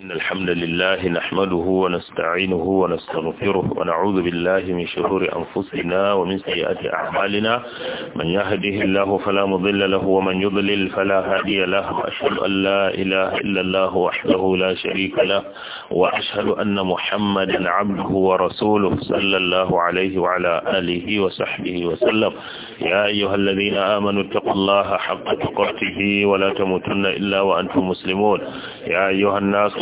إن الحمد لله نحمده ونستعينه ونستغفره ونعوذ بالله من شرور أنفسنا ومن سيئات أعمالنا من يهده الله فلا مضل له ومن يضلل فلا هادي له وأشهد أن لا إله إلا الله وحده لا شريك له وأشهد أن محمدا عبده ورسوله صلى الله عليه وعلى آله وصحبه وسلم يا أيها الذين آمنوا اتقوا الله حق تقاته ولا تموتن إلا وأنتم مسلمون يا أيها الناس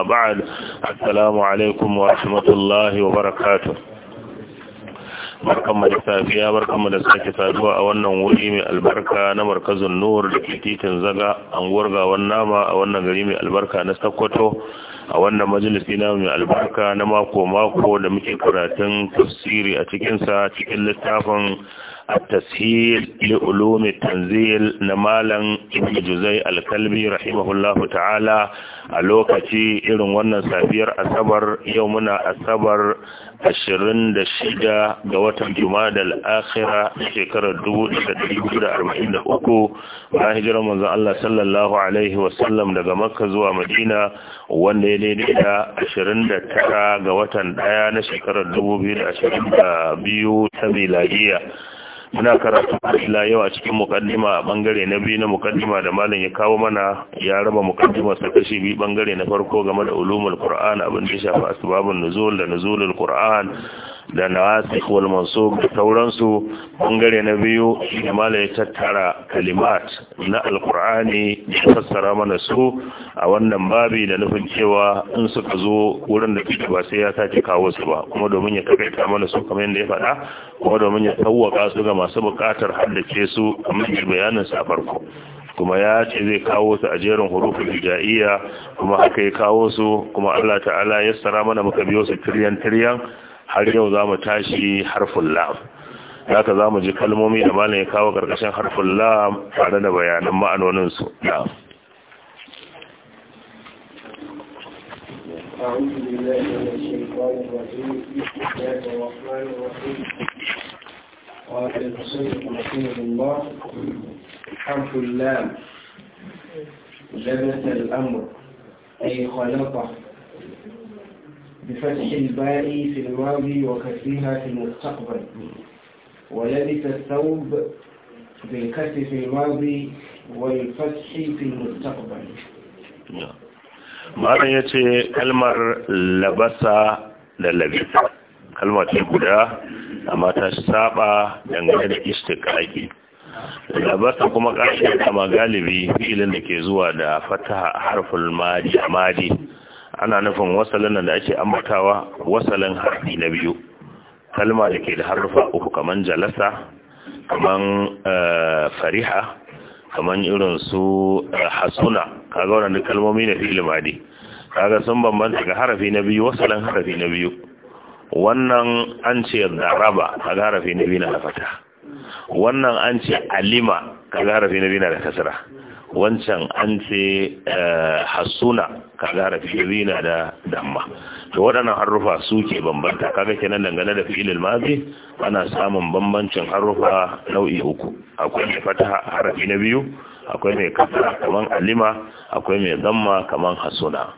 أما بعد السلام عليكم ورحمة الله وبركاته barkanmu da safiya barkanmu da sake saduwa a wannan wuri mai albarka na markazin nur da titin zaga an gurgawan nama a wannan gari mai albarka na sakkwato a wannan majalisi na mai albarka na mako-mako da muke kuratun tafsiri a cikinsa cikin littafin التسهيل لعلوم التنزيل نمالا ابن جزي الكلبي رحمه الله تعالى الوكتي إرن ونن سافير أسبر يومنا أسبر ashirin da shida ga watan jumada al'akhira shekarar dubu da dari da arba'in da uku bayan hijirar manzon Allah sallallahu daga makka zuwa madina wanda ya daidai ashirin da tara ga watan ɗaya na shekarar dubu biyu da ashirin da biyu ta miladiya muna karatu ila yau a cikin mukaddima a bangare na biyu na mukaddima da malam ya kawo mana ya raba mukaddima sa kashi biyu bangare na farko game da ulumul qur'an abin da shafi asbabun nuzul da nuzulul qur'an da nawasik wal mansub da sauransu bangare na biyu mala ya tattara kalimat na alqur'ani ya fassara mana su a wannan babi da nufin cewa in suka zo wurin da kike ba sai ya sake kawo su ba kuma domin ya takaita mana su kamar yadda ya faɗa kuma domin ya tawwaka su ga masu buƙatar haddace su kamar bayanin sa farko kuma ya ce zai kawo su a jerin hurufin hijaiya kuma haka ya kawo su kuma Allah ta'ala ya sara mana muka biyo su tiryan tiryan har yau za mu tashi harfin lam haka za mu ji kalmomi da malam ya kawo karkashin harfin lam tare da bayanan ma'anoninsu lam أعوذ بالله من الشيطان الرجيم بسم الله الرحمن الرحيم قال المصنف رحمه الله حرف اللام لبس الأمر أي خلقه بفتح الباء في الماضي وكسرها في المستقبل ولبس الثوب بالكسر في الماضي والفتح في المستقبل malam ya ce kalmar labasa da labisa kalmar ce guda amma ta saba dangane da istiqaqi labasa kuma kashi kama galibi filin da ke zuwa da fataha harfin madi madi ana nufin wasalin da ake ambatawa wasalin harfi na biyu kalma da ke da harfa uku kaman jalasa kaman eh, fariha kaman irin su eh, hasuna kaga wannan kalmomi na fi limadi kaga sun bambanta ga harafi na biyu wasalin harafi na biyu wannan an ce daraba kaga harafi na biyu na da fata wannan an ce alima kaga harafi na biyu na da kasra wancan an ce eh, hasuna kaga harafi zina da damma to waɗannan harufa su ke bambanta kaga kenan dangane da filin mazi ana samun bambancin harufa nau'i uku akwai mai fataha harafi na biyu akwai mai kasa kaman alima akwai mai damma kaman hasuna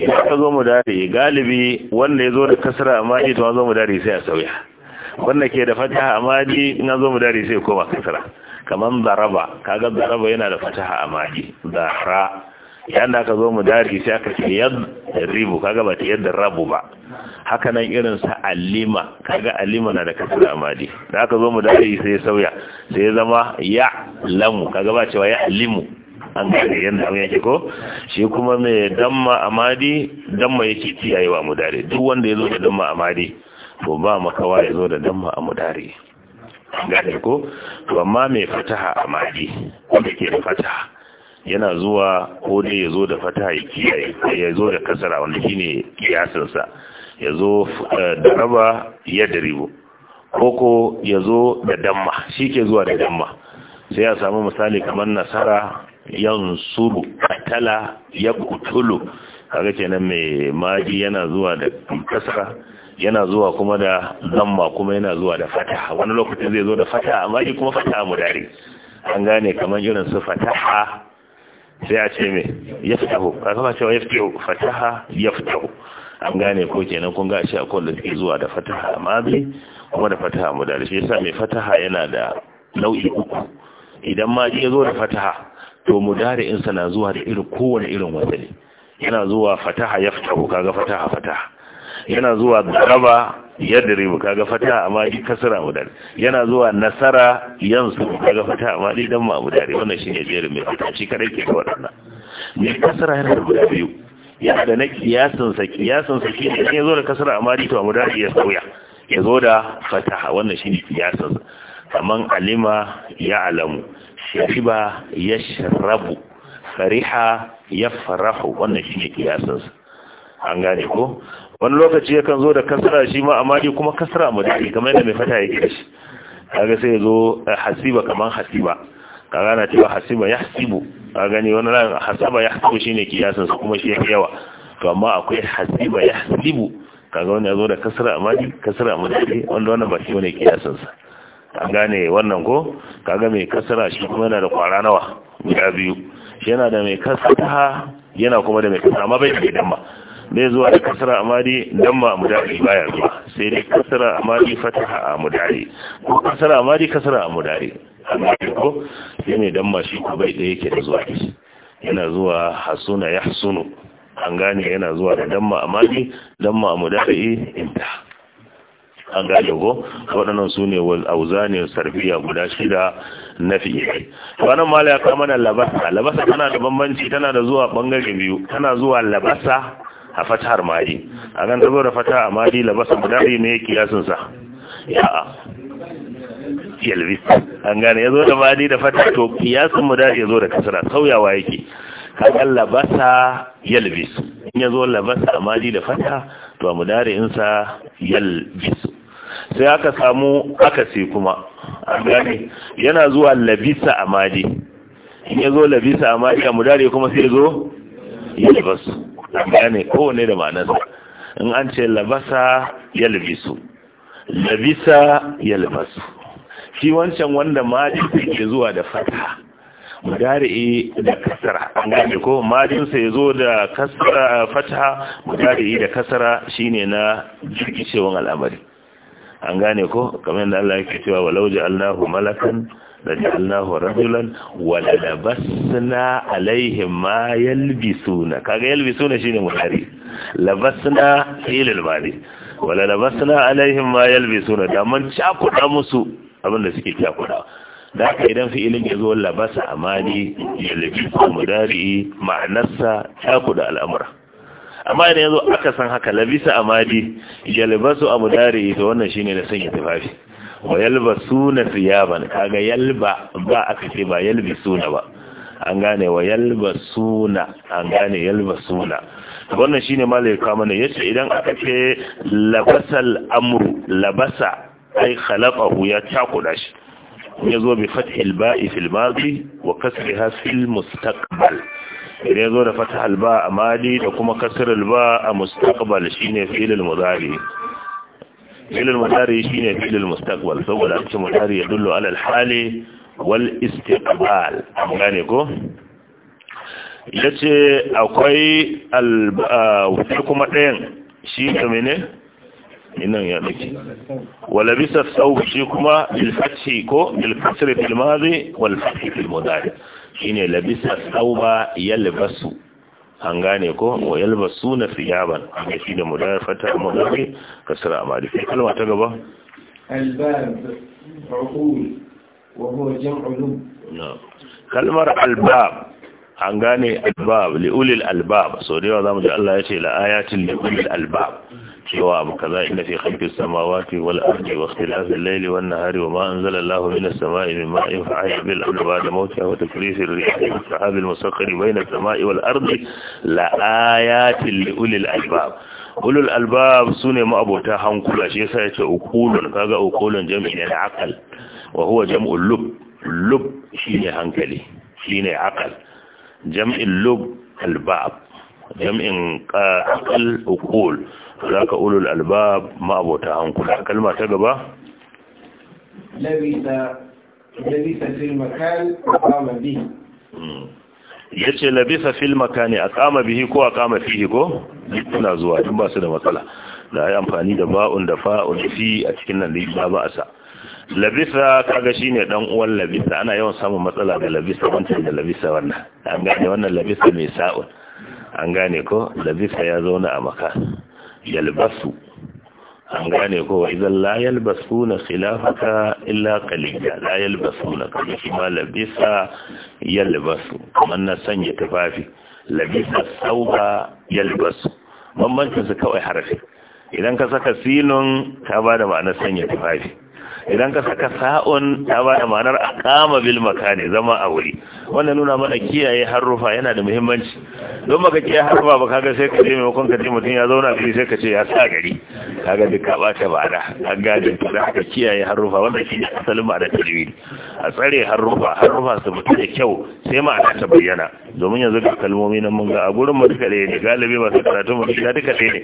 idan ka zo mu dare galibi wanda ya zo da kasra amma ni to zo mu dare sai a sauya wanda ke da fataha amma ni in zo mu dare sai koma kasra kaman zaraba kaga zaraba yana da fataha a maki zara yanda aka zo mu dari sai aka ce yad ribu kaga ba ta yadda rabu ba haka nan irin sa alima kaga alima na da kasra maji da aka zo mu dari sai sauya sai zama ya lamu kaga ba cewa ya alimu an gane yanda abin yake ko shi kuma mai damma amadi damma yake kiyayewa mu duk wanda ya zo da damma amadi to ba makawa ya zo da damma a mu gane ko to amma mai fataha a maji wanda ke da fataha yana zuwa ko dai ya zo da fataha ya ya zo da kasara wanda shine kiyasinsa ya zo eh, da raba ya ko koko ya zo da damma shi ke zuwa da damma sai ya samu misali kamar nasara yansuru katala ya kutulu kaga kenan mai maji yana zuwa da kasara yana zuwa kuma da zamma kuma yana zuwa da fataha wani lokacin zai zo da fataha amma yi kuma fataha dare an gane kamar irin su fataha sai a ce me yaftahu ka kama cewa yaftahu fataha taho. an gane ko kenan kun ga shi a da suke zuwa da fataha mazi kuma da fataha dare shi yasa mai fataha yana da nau'i uku idan ma ya zo da fataha to dare in sana zuwa da irin kowane irin wasali yana zuwa fataha taho, kaga fataha fataha yana zuwa garaba ya diribu kaga fata amma kasara kasra mudari yana zuwa nasara yansu kaga fata amma di dan ma mudari wannan shine jerin mai fata shi kada ke da wannan ne kasara yana da guda biyu Ya da na kiyasin sa kiyasin sa shi ne ya zo da kasara amma di to mudari ya soya ya zo da fataha wannan shine kiyasin kaman alima ya alamu shiba yashrabu fariha yafrahu wannan shine kiyasin an gane ko wani lokaci yakan zo da kasara shi ma amma dai kuma kasara mu dai kamar yadda mai fata yake shi kaga sai yazo eh, hasiba kaman hasiba kaga na cewa hasiba hasibu ka gani wani ran hasaba hasibu shine kiyasan su kuma shi yake yawa to amma akwai hasiba hasibu kaga wani yazo da kasara amma dai kasara mu dai wanda wannan ba shi ne kiyasan sa an gane wannan ko kaga mai kasara shi kuma yana da kwara nawa guda biyu yana da mai kasra yana kuma da mai kasra amma bai da gidan ba dai zuwa da kasara madi don ma mudari baya zuwa sai dai kasara madi fataha a mudari ko kasara madi kasara a mudari madi ko sai ne don ma shi ko bai da yake da zuwa yana zuwa hasuna hasunu an gane yana zuwa da damma ma damma mudari ta, an gane ko waɗannan su ne wal auzani sarfiya guda shida na fiye wannan mala ya kama na labasa labasa tana da bambanci tana da zuwa bangare biyu tana zuwa labasa a fatahar madi a gan zabo da fata a madi a budari ne kiyasinsa a yalbi an gane ya zo da madi da fata to kiyasin mudari ya zo da kasara sauyawa yake kakan labasa yalbis in ya zo labasa a madi da fata to a mudari insa yalbis sai aka samu aka sai kuma an gane yana zuwa labisa a madi in ya zo labisa a madi a mudari kuma sai zo yalbas gane kowane da ma'anarsa in an ce labasa ya labisu labisa ya labasu shi wancan wanda majin ke zuwa da fata mudari'i da kasara an gane ko majinsa ya zo da kasara fata mudari'i da kasara shine na jirgicewan al'amari an gane ko kamar yadda Allah yake cewa walau ja'alnahu malakan لجعلناه رجلا وللبسنا عليهم ما يلبسون كاغا يلبسون شيء مضارع لبسنا فعل الماضي وللبسنا عليهم ما يلبسون da شاكو دمسو abin da suke cakuda da haka idan fi'ilin ya zo labasa amali ya labi mudari ma'anarsa cakuda al'amura amma idan ya zo aka san haka labisa amali ya labasu a mudari wannan shine na sanya tufafi wa yalba suna siyaban kaga yalba ba aka ce ba yalbi suna ba an gane wa yalba suna an gane yalba suna wannan shine malai kama ne yace idan aka ce labasal amru labasa ai khalaqahu ya takuda shi ya zo bi fathil ba'i fil madi wa kasriha fil mustaqbal idan zo da fathal ba a madi da kuma kasrul ba a mustaqbal shine fi'il mudari fi'lul mudari shine fi'lul mustaqbal saboda shi mudari ya dullo ala al-hali wal istiqbal gane ko yace akwai al kuma ɗayan shi ne inan ya dake wala bisa sau shi kuma bil fathi ko bil kasri fil madi wal fathi fil mudari shine labisa sauba yalbasu an gane ko wa ba thiyaban amma shi da mudanar mudari kasra amali sai kalma ta gaba albab uqul ta gaba? kalmar albab an gane albab liulil albab so da yawa mu ji Allah ya ce la'ayatin liulil albab cewa abu kaza inna fi khalqis samawati wal ardi wa ikhtilafil layli wan nahari wa ma anzala Allahu minas sama'i min ma'in fa'ahya bil ardi ba'da mawtiha wa tafrishir rihi wa sahabil musakhkhari bayna as-sama'i wal ardi la ayatin li ulil albab ulul albab sune ma'abota hankula shi yasa yace ukulun kaga ukulun jam'i ne na aqal wa huwa jam'ul lub lub shine hankali shine aqal jam'il lub albab jam'in aqal uqul zaka ulul albab ma ma'abota hankula kalma ta gaba labisa labisa fil makan aqama bihi hmm. yace labisa fil makani aqama bihi ko aqama fihi ko ina zuwa tun ba su da matsala da ai amfani da ba'un da fa'un fi a cikin nan da ba asa labisa kaga shine dan uwan labisa ana yawan samun matsala da labisa wancan da labisa wannan an gane wannan labisa mai sa'un an gane ko labisa ya zauna a maka yalbasu an gane ko wa idan la yalbasu na khilafaka illa qalila la yalbasu na kuma shi ma labisa yalbasu kuma na sanya tufafi labisa sauka yalbasu bambancin su kawai harfi idan ka saka sinun ta ba da ma'anar sanya tufafi idan ka saka sa'un ta ba da ma'anar a kama bil makani zama a wuri wannan nuna mana kiyaye harufa yana da muhimmanci don maka kiyaye harufa ba kaga sai ka je maimakon ka ce mutum ya zauna fili sai ka ce ya sa gari kaga duk ka bata da. an gadi da haka kiyaye harufa wanda shi ne asalin ma'anar tajwid a tsare harufa harufa su mutum da kyau sai ma'ana ta bayyana domin yanzu ga kalmomi nan mun ga a gurin mu duka ɗaya ne galibi masu karatu mu duka ɗaya ne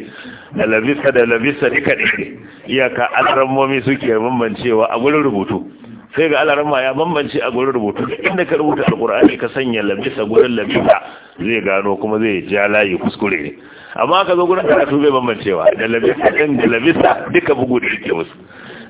da labisa da labisa duka ɗaya ne iyaka alrammomi suke bambancewa cewa a gurin rubutu sai ga alarma ya bambance a gurin rubutu inda ka rubuta alkur'ani ka sanya labisa gurin labisa zai gano kuma zai ja layi kuskure ne amma ka zo gurin karatu zai bambancewa da labisa din da labisa duka bugu da yake musu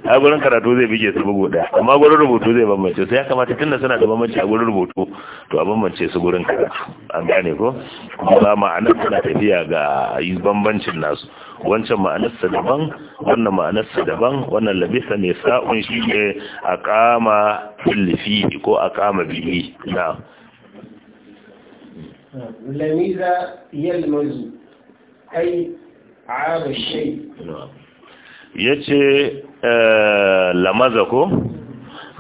a gurin karatu zai bige su bugu da amma gurin rubutu zai bambance sai ya kamata tunda suna da bambanci a gurin rubutu to a bambance su gurin karatu an gane ko kuma ma'anar tana tafiya ga bambancin nasu wancan ma'anarsa daban wannan ma'anarsa daban wannan labisa ne sa'un shi ne a kama filifi ko a kama bibi na lamiza yalmazu ai shai. Ya ce eh, lamaza ko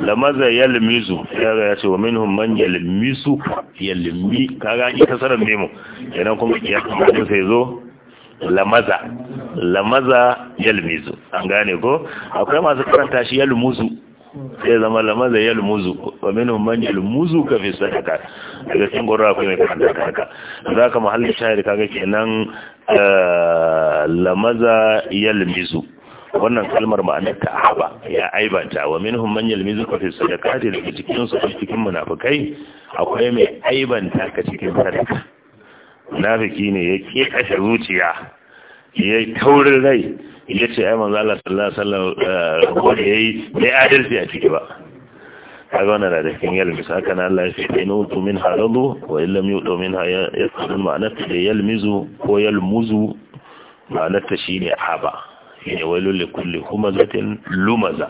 lamaza yalmizu kaga ce, wa minhum man yalmisu yalmi kaga ita sarar nemo. idan kuma kiyasa sai zo lamaza lamaza yalmizu an gane ko akwai masu karanta shi yalmuzu sai zama lamaza yalmuzu wa min man yalmuzu ka fi sadaka daga cikin gurra akwai mai karanta haka zaka mahallin ka kaga kenan eh, lamaza yalmizu wannan kalmar ma'anar ta haba ya aibata, wa min man yalmizu ka fi sadaka da cikin su cikin munafikai akwai mai aibanta ka cikin sadaka munafiki ne ya ke kashe zuciya ya taurin rai ya ce ai manzo Allah sallallahu alaihi wasallam ko eh, da yayi yi adalci a ciki ba kaga wannan da cikin yalmisu haka na Allah ya ce in utu min haradu wa illam yutu minha yasal ma'anata da yalmizu ko yalmuzu ma'anata shine aba shine wailul li kulli humazatin lumaza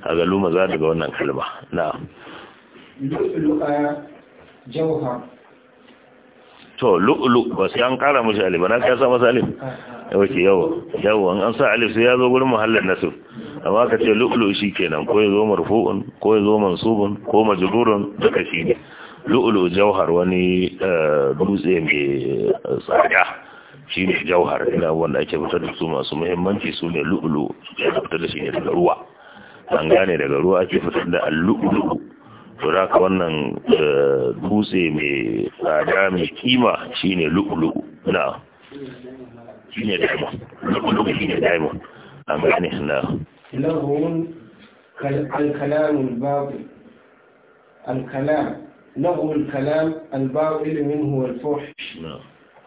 A ga lumaza daga wannan kalma na'am eh, jawhar to lu'lu ba sai an kara mashi alif na ka sa masa alif wace yawa yawa an sa alif sai ya zo gurin muhallin nasib amma ka ce lu'lu shi kenan ko ya zo marfu'un ko ya zo mansubun ko majrurun duka shi ne lu'lu jauhar wani eh, dutse mai tsada shi ne jauhar ina wanda ake fitar da su masu muhimmanci su ne lu'lu ya fitar da shi ne daga ruwa an gane daga ruwa ake fitar da al-lu'lu da ka wannan eh, dutse mai tsada mai kima shine lu'ulu'u na shine diamond lu'ulu'u shine diamond an gane na lahum al-kalam al-batil al-kalam له الكلام الباطل منه والفحش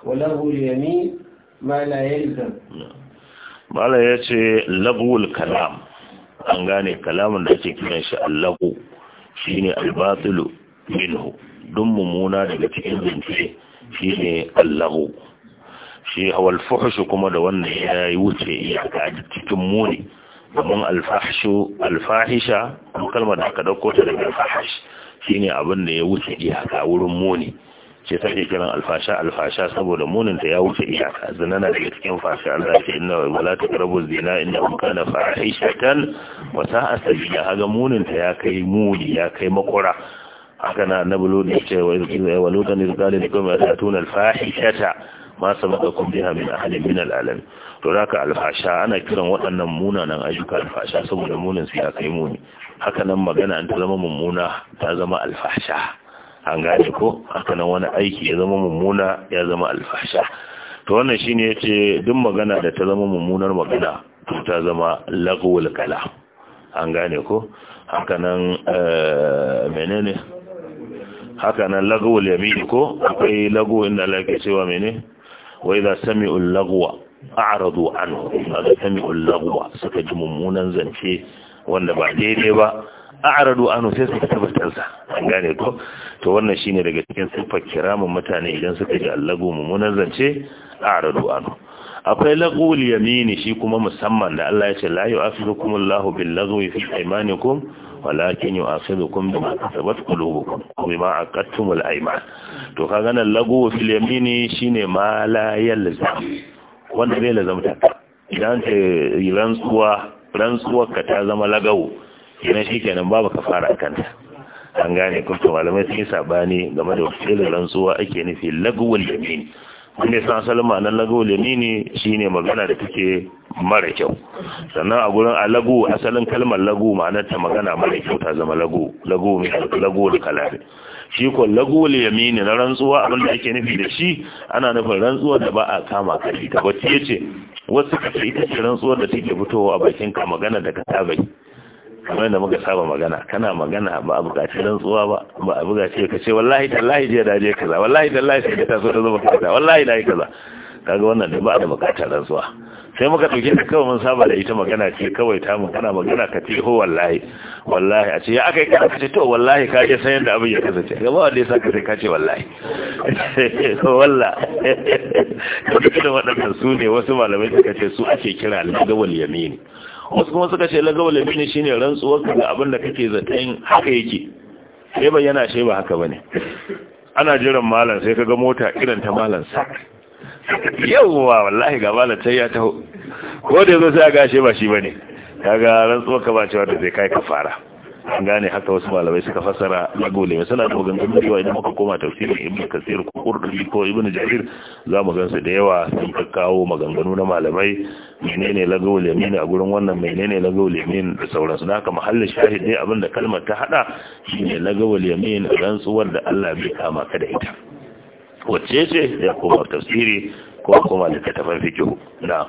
وله اليمين ما لا يلزم ya ce labuwul kalam an gane kalamun da ake kiran shi allagu shine albatilu minhu dun mummuna daga cikin zance shine allahu shi hawal fuhshu kuma da wanda ya yi wuce iyaka cikin muni domin alfahshu alfahisha kalmar da aka dauko ta daga alfahash shine abin da ya wuce iyaka wurin muni ce ta ke kiran alfasha alfasha saboda muninta ya wuce iyaka zina na daga cikin fasha Allah ce inna wala taqrabu zina inna kana fahishatan wa sa'a sabila haga muninta ya kai muni ya kai makura haka na annabi ne ce wa lutan izqala likum atuna alfahishata ma sabaqakum biha min ahli min alalam to raka alfasha ana kiran waɗannan munanan ayyuka alfasha saboda munin su ya kai muni haka nan magana an ta zama mummuna ta zama alfasha an gane ko haka nan wani aiki ya zama mummuna ya zama alfasha to wannan shine yace duk magana da ta zama mummunar magana to ta zama lagwul kalam an gane ko haka nan eh, menene haka nan lagwul yamin ko akwai lagwo inda Allah cewa menene wa idza sami'u lagwa a'radu anhu idza sami'u lagwa suka ji mummunan zance wanda ba daidai ba a'radu anhu sai su tabbatar sa an gane ko to wannan shine daga cikin sifar kiramin mutane idan suka ji allahu, mummunan zance a'radu anhu akwai laqul yamini shi kuma musamman da Allah ya ce la yu'afidukum Allahu bil lagwi fi aymanikum walakin yu'afikum bima kasabat qulubukum bima aqadtum al ayman to kaga nan lagu fil yamini shine ma la yalzam wanda bai lazamta idan ce rantsuwa rantsuwar ka ta zama lagawo kenan shi kenan babu kafara a kanta an gane kuma malamai sun yi sabani game da wakilin rantsuwa ake nufi lagwal yamin wanda ya san asalin ma'anar lagwal yamini shine magana da take mara kyau sannan a gurin a lagu asalin kalmar lagu ma'anar ta magana mara kyau ta zama lagu lagu mai lagu da kalafi shi ko lagu yamini na rantsuwa abin da ake nufi da shi ana nufin rantsuwa da ba a kama kashi ta wacce ya ce wasu kashi ita ce rantsuwar da take fitowa a bakin ka magana da ka tabai kamar da muka saba magana kana magana ba a bukaci rantsuwa ba ba a bukaci ka ce wallahi tallahi jiya da je kaza wallahi tallahi sai ka taso da kaza wallahi da kaza kaga wannan da ba da bukatar rantsuwa sai muka dauke ta kawai mun saba da ita magana ce kawai ta mun kana magana ka ce ho wallahi wallahi a ce ya akai kana ka ce to wallahi ka ce san yadda abin ya kasance gaba wanda ya saka sai ka ce wallahi walla to duk da waɗannan su ne wasu malamai suka ce su ake kira lagawal yamini wasu kuma suka ce lagawa labini shine rantsuwar ka da abin da kake zaton haka yake sai bayyana shi ba haka bane ana jiran malam sai kaga mota irin ta malam sa yawwa wallahi ga malam sai ya taho ko da yazo sai ga shi ba shi bane kaga rantsuwar ka ba cewa da zai kai ka fara an gane haka wasu malamai suka fasara na gole da da maganganun cewa idan muka koma tafsirin ibn kasir ko qurdi ko ibn jarir za mu gansu da yawa sun kawo maganganu na malamai menene lagawo lemin a gurin wannan menene lagawo lemin da sauransu su haka mahallin shahid dai abinda kalmar ta hada shine lagawo lemin rantsuwar da Allah bai kama ka da ita wacce ce ya koma tafsiri ko kuma littattafan fikihu na?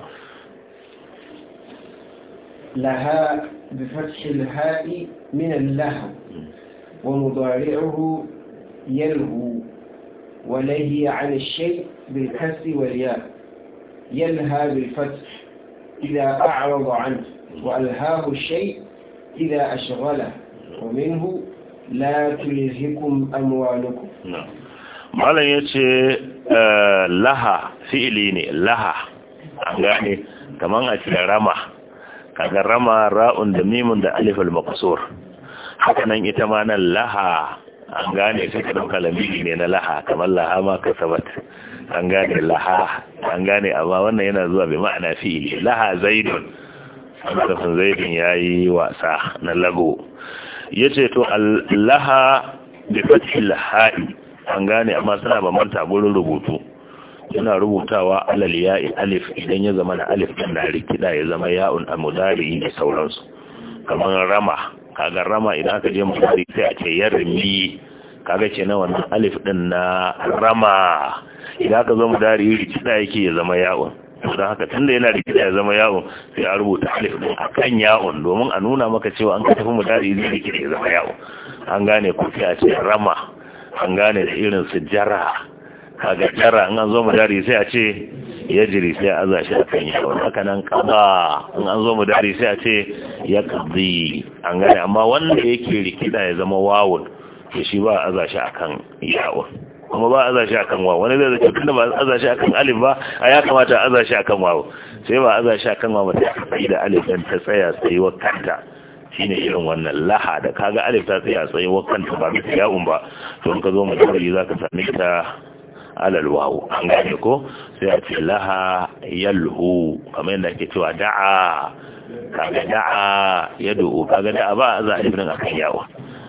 لها بفتح الهاء من اللهو ومضارعه يلهو ولهي عن الشيء بالكسر والياء يلهى بالفتح إذا أعرض عنه وألهاه الشيء إذا أشغله ومنه لا تلهكم أموالكم نعم malam ya آه، لها في إليني لها يعني كمان gane kaga rama ra'un da mimun da alifal maqsur haka nan ita ma nan laha an gane kake kadan kalami ne na laha kamar laha ma kasabat an gane laha an gane amma wannan yana zuwa bi ma'ana fi'ili laha zaidun sarrafin zaidun yayi wasa na lago yace to laha bi fathil ha'i an gane amma suna bambanta gurin rubutu yana rubutawa alal ya'i alif idan ya zama na alif din na rikida ya zama ya'un a mudari da sauransu kamar rama kaga rama idan aka je mudari sai a ce yarmi kaga ce na wannan alif din na rama idan aka zo mudari rikida yake ya zama ya'un don haka tunda yana rikida ya zama yawon sai a rubuta alif din akan yawon domin a nuna maka cewa an ka tafi mutari rikida ya zama yawon an gane ku sai a ce rama an gane da irin su jara kaga jara in an zo mu dari sai a ce ya jiri sai a aza shi a kan yawa haka nan kaba in an zo mu dari sai a ce ya kazi an gane amma wanda yake rikida ya zama wawun to shi ba a aza shi a kan yawon kuma ba a aza shi a kan wawo wani zai zai da ba a aza shi a kan alif ba a ya kamata a aza shi a kan wawo sai ba a aza shi a kan wawo ta tsaye da alif dan ta tsaya tsaye wa kanta shine irin wannan laha da kaga alif ta tsaya tsaye wa kanta ba ta yawon ba to in ka zo mu dari za ka same ta alal wawu an gane ko sai a ce laha yalhu kamar yadda ake cewa da'a kaga da'a yad'u kaga da'a ba za a ibrin akan yawo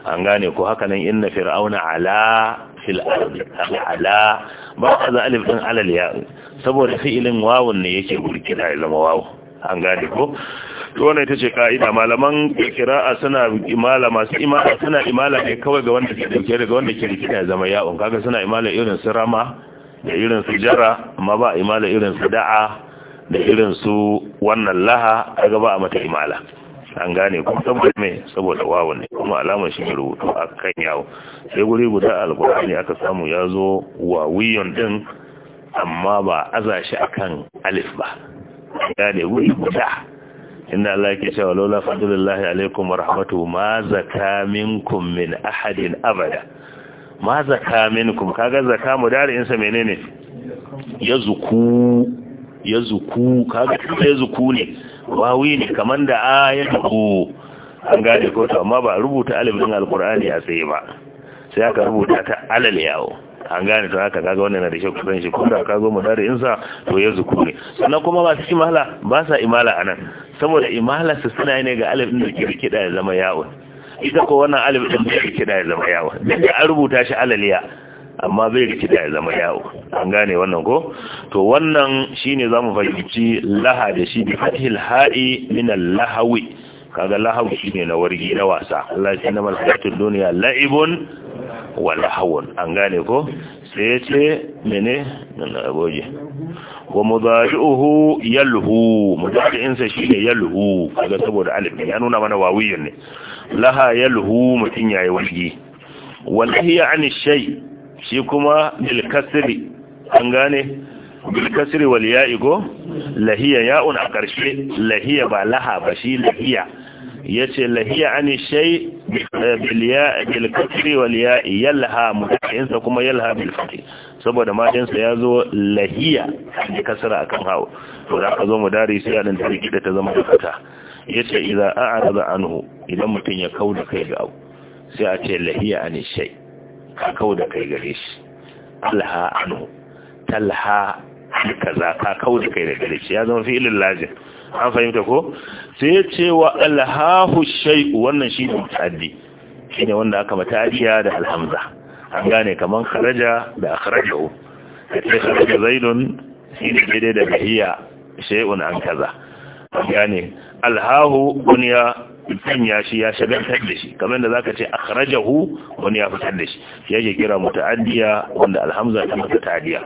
an gane ko haka nan inna fir'auna ala fil ardi ala ba za alif din alal ya saboda fi'ilin wawun ne yake burkina ya zama wawu an gane ko wannan ita ce ka'ida malaman kira'a suna imala masu imala suna imala ne kawai ga wanda ke dauke daga wanda ke rikida ya zama yawon kaga suna imala irin su rama da irin su jara amma ba imala irin su da'a da irin su wannan laha kaga ba a mata imala an gane kuma saboda mai saboda wawa ne kuma alamar shi rubutu a kan yawo sai guri guda alkur'ani aka samu ya zo wawiyon din amma ba aza shi akan alif ba gane guri guda Inna Allah yake cewa laula fadlullahi alaikum wa rahmatuhu ma zaka minkum min ahadin abada ma zaka minkum kaga zaka mudari'in sa menene yazuku yazuku kaga yazuku ne wawi ne kaman da ayatu an gane ko to amma ba rubuta alif din alqur'ani a tsaye ba sai aka rubuta ta alal yawo an gane to haka kaga wannan na da kyau kusan shi kuma ka mu dare sa to ya zuku ne sannan kuma masu imala ba sa imala anan saboda imala su suna ne ga alif din da ke kida ya zama yawon ita ko wannan alif din da ke kida ya zama yawon da an rubuta shi alaliya amma bai rikida ya zama yawo an gane wannan ko to wannan shine zamu fahimci laha da shi bi fathil ha'i min al-lahawi kaga lahawi shine na wargi na wasa Allah ya sanar da duniya la'ibun wala hawan an gane ko sai ya ce mene na goje wa mudaji'uhu yalhu shi ne yalhu kaga saboda alif ya nuna mana wawiyin ne laha yalhu mutun yayi wani wallahi ani shay shi kuma bil kasri an gane bil kasri wal ya'i go lahiya ya'un a karshe lahiya ba laha ba shi lahiya yace lahiya ani shai bil ya bil ya yalha mutakin sa kuma yalha bil saboda matan ya yazo lahiya da kasra akan hawo to za ka zo mu dari sai an tariki da ta zama fata yace idza a'rada anhu idan mutum ya kauda kai ga abu sai a ce lahiya ani shai ka kauda kai gare shi alha anhu talha kaza ka kauda kai gare shi ya zama fi'il lazim an fahimta ko sai ya ce wa alhahu shay'u wannan shi ne mutaddi ne wanda aka matadiya da alhamza an gane kaman kharaja da akhrajahu ce kharaja zaidun ne daidai da hiya shay'un an kaza an gane alhahu bunya sanya shi ya shagaltar da shi kamar da zaka ce akhrajahu wani ya fitar da shi yake kira mutaddiya wanda alhamza ta mutaddiya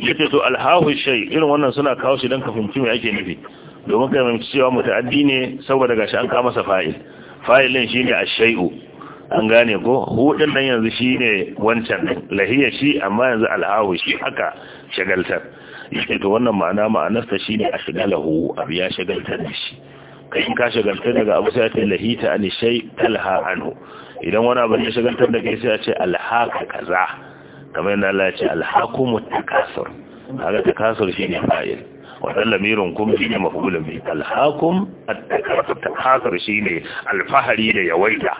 yace to alhahu shay irin wannan suna kawo shi dan ka fahimci me ake nufi domin kai mai cewa muta'addi ne saboda gashi an kawo masa fa'il fa'ilin shine ash-shay'u an gane ko hu din nan yanzu shine wancan lahiya shi amma yanzu alhahu shi haka shagaltar yace to wannan ma'ana ma'anar ta shine ashgalahu abi ya shagaltar da shi kai in ka shagaltar daga abu sai ta lahita an shay talha anhu idan wani abu ya shagaltar da kai sai ya ce alhaka kaza kamar yadda Allah ya ce alhakumu takasur kaga takasur shine fa'il wannan lamirin kuma shine maf'ulun bi alhakum at-takasur takasur shine alfahari da yawaita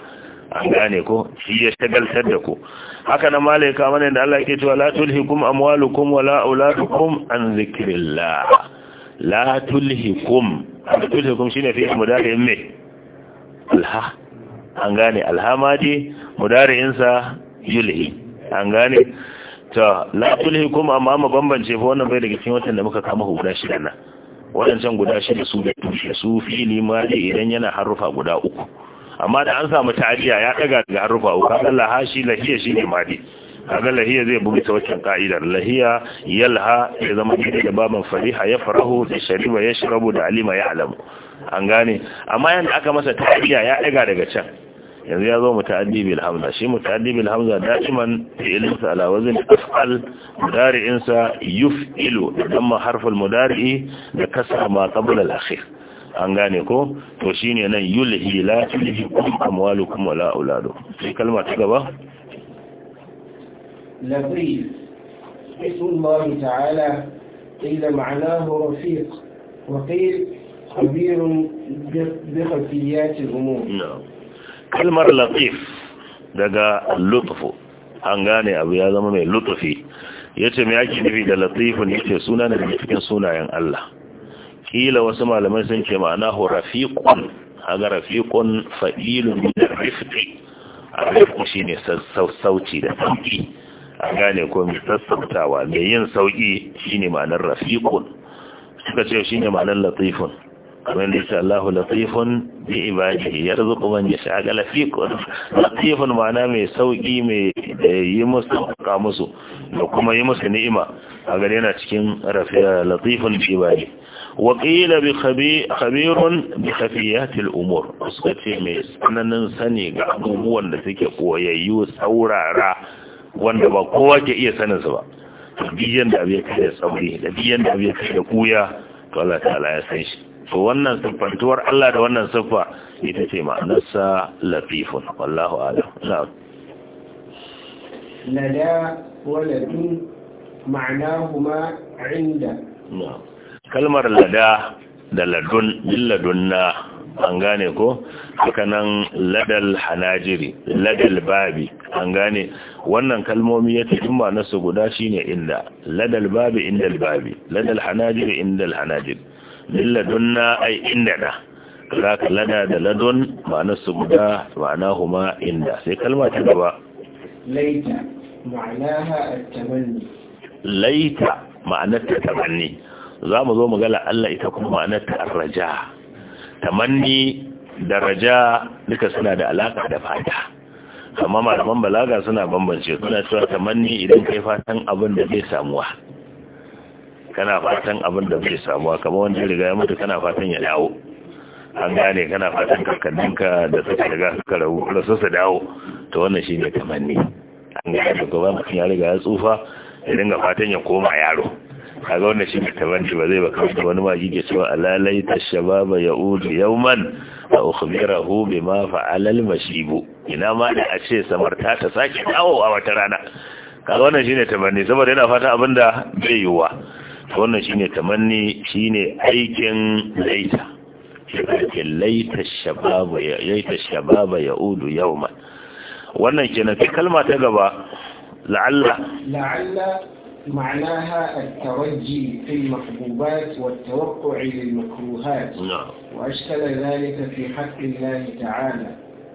an gane ko shi ya shagaltar da ku haka nan malaika mana da Allah yake cewa la tulhikum amwalukum wala auladukum an zikrillah la tulhikum an tulhikum shine fi mudari'in me alha an gane alhama ce mudari'in sa yulhi an gane ta la tulhikum amma mu bambance fa wannan bai daga cikin watan da muka kama guda shida nan. wadancan guda shida su da tushe su fili mali idan yana harufa guda uku amma da an samu ta'ajiya ya ɗaga daga harufa uku kaga lahashi lahiya shine mali kaga lahiya zai bugi ta waccan ka'idar lahiya yalha ya zama gida da baban fariha ya farahu da shariba ya shirabu da alima ya alamu an gane amma yanda aka masa ta'ajiya ya ɗaga daga can yanzu ya zo muta'addi bil hamza shi muta'addi bil hamza da'iman fi'ilinsa ala wazn af'al mudari'insa yuf'ilu dan ma harful mudari'i da kasra ma qabla al akhir an gane ko to shine nan yulhi la tulhikum amwalukum wala auladukum sai kalma ta gaba لطيف اسم الله تعالى إلا معناه رفيق وقيل خبير بخفيات الأمور نعم kalmar latif daga lutufu an gane abu ya zama mai lutufi ya ce mai ake nufi da latifun ya ce suna na da cikin sunayen Allah kila wasu malamai sun ce ma'ana hu rafiqun haga rafiqun fa'ilun min rifqi rifqu shine sassauci da sauki a gane ko mai sassautawa mai yin sauki shine ma'anar rafiqun suka ce shine ma'anar latifun kamar da yake Allahu latifun bi ibadihi yarzuqu man yasha ga latifun latifun ma'ana mai sauƙi mai yi musu ka musu da kuma yi musu ni'ima a gare yana cikin rafiya eh, latifun bi ibadihi wa qila bi khabirun bi khafiyatil umur sukace mai tsananin sani ga abubuwan da suke koyayyu saurara wanda ba kowa ke iya sanin su ba biyan da bai kai da sauri da biyan da bai kai da kuya to Allah ta'ala ya san shi wannan siffantuwar Allah da wannan siffa ita ce ma'anarsa latifun wallahu Ala. na'am lada wa latin ma'anahuma inda kalmar lada da ladun ladunna an gane ko hakanan ladal hanajiri ladal babi an gane wannan kalmomi ya tafi ma nasu guda shine inda ladal babi indal babi ladal hanajiri indal hanajiri lilladunna ai indana zaka lada da ladun ma'ana su guda ma'ana huma inda sai kalma ta gaba laita ma'anaha ta tamanni za mu zo mu gala Allah ita kuma ma'anar ta raja tamanni da raja duka suna da alaka da fata amma malaman balaga suna bambance suna cewa tamanni idan kai fatan abin da zai samuwa kana fatan abin da zai samuwa kamar wanda riga ya mutu kana fatan ya dawo an gane kana fatan kakanninka da suka riga suka rasu su dawo to wannan shi ne kamanni an gane gaba mutum ya riga ya tsufa ya dinga fatan ya koma yaro kaga wannan shi ne tamanni ba zai baka da wani magi ke cewa alalai ta shababa ya udu yauman a ukhbirahu bima fa'alal al-mashibu ina ma da a ce samarta ta sake dawo a wata rana kaga wannan shi ne tamanni saboda yana fata abinda bai yiwuwa wannan shine tamanni shine aikin laita aikin laita shababa ya laita shababa ya udu yawma wannan kenan ta kalma ta gaba la'alla la'alla معناها التوجي في المحبوبات والتوقع للمكروهات نعم وأشكل ذلك في حق الله تعالى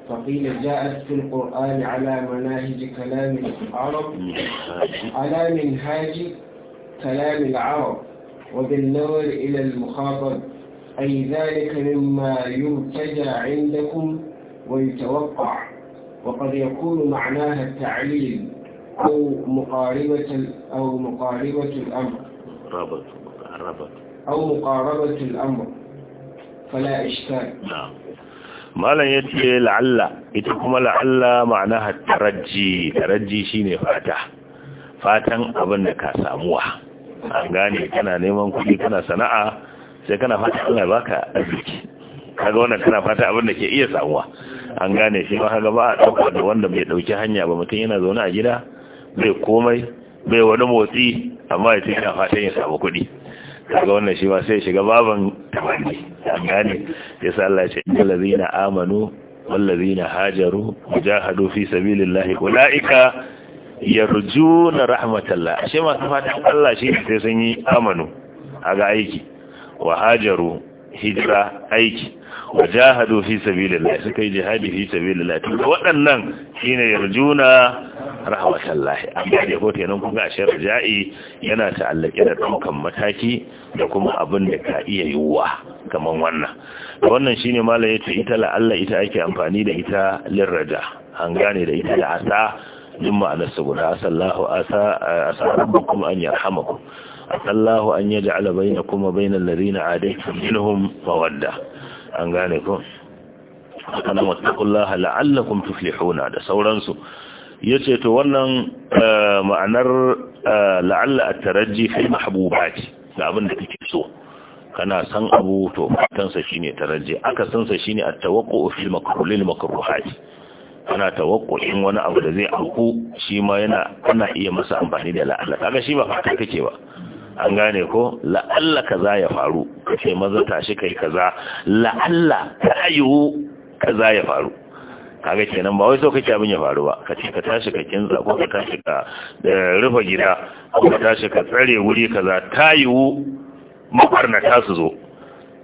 فقيل جاءت في القرآن على مناهج كلام العرب على منهاج كلام العرب وبالنظر إلى المخاطب أي ذلك مما يرتجى عندكم ويتوقع وقد يكون معناها التعليل أو مقاربة أو مقاربة الأمر ربط ربط أو مقاربة الأمر فلا إشكال نعم ما ya ce لعل ita kuma la'alla ma'ana taraji taraji shine fata fatan an gane kana neman kuɗi kana sana'a sai kana fata Allah baka arziki kaga wannan kana fata abin da ke iya samuwa an gane shi ma kaga ba a dauka da wanda bai dauki hanya ba mutum yana zaune a gida bai komai bai wani motsi amma ya tuna fatan ya samu kuɗi kaga wannan shi ma sai shiga baban tabani an gane sa Allah ya ce allazina amanu wallazina hajaru mujahadu fi sabilillahi ulaika yarjuna rahmatallah ashe masu fatan Allah shi sai sun yi amanu ga aiki wa hajaru hijira aiki Wajahadu jahadu fi sabilillah suka yi jihadi fi sabilillah to waɗannan shine yarjuna rahmatallah amma da ko kenan kun ga ashe raja'i yana ta'allake da dukkan mataki da kuma abin da ka iya yiwuwa kaman wannan wannan shine malai yace ita la Allah ita ake amfani da ita lirraja an gane da ita da asa din ma'anarsa guda asallahu kuma an yi yarhamakum asallahu an yaj'ala bainakum wa bainal ladina adaytum minhum mawadda an gane ku kana wattaqullaha la'allakum tuflihuna da sauransu yace to wannan eh, ma'anar eh, la'alla at-taraji fi mahbubati da abin da kake so kana san abu to kansa shine taraji aka sansa shine at-tawaqqu fi makrulil makruhati ana tawakkulin wani abu da zai auku shi ma yana ana iya masa amfani da la'alla kaga shi ba fata kake ba an gane ko la'alla kaza ya faru kace maza tashi kai kaza la'alla ta yiwu kaza ya faru kaga kenan ba wai so kake abin ya faru ba ka ce ka tashi ka kinza ko ka tashi ka rufe gida ko ka tashi ka tsare wuri kaza ta yiwu mabarnata su zo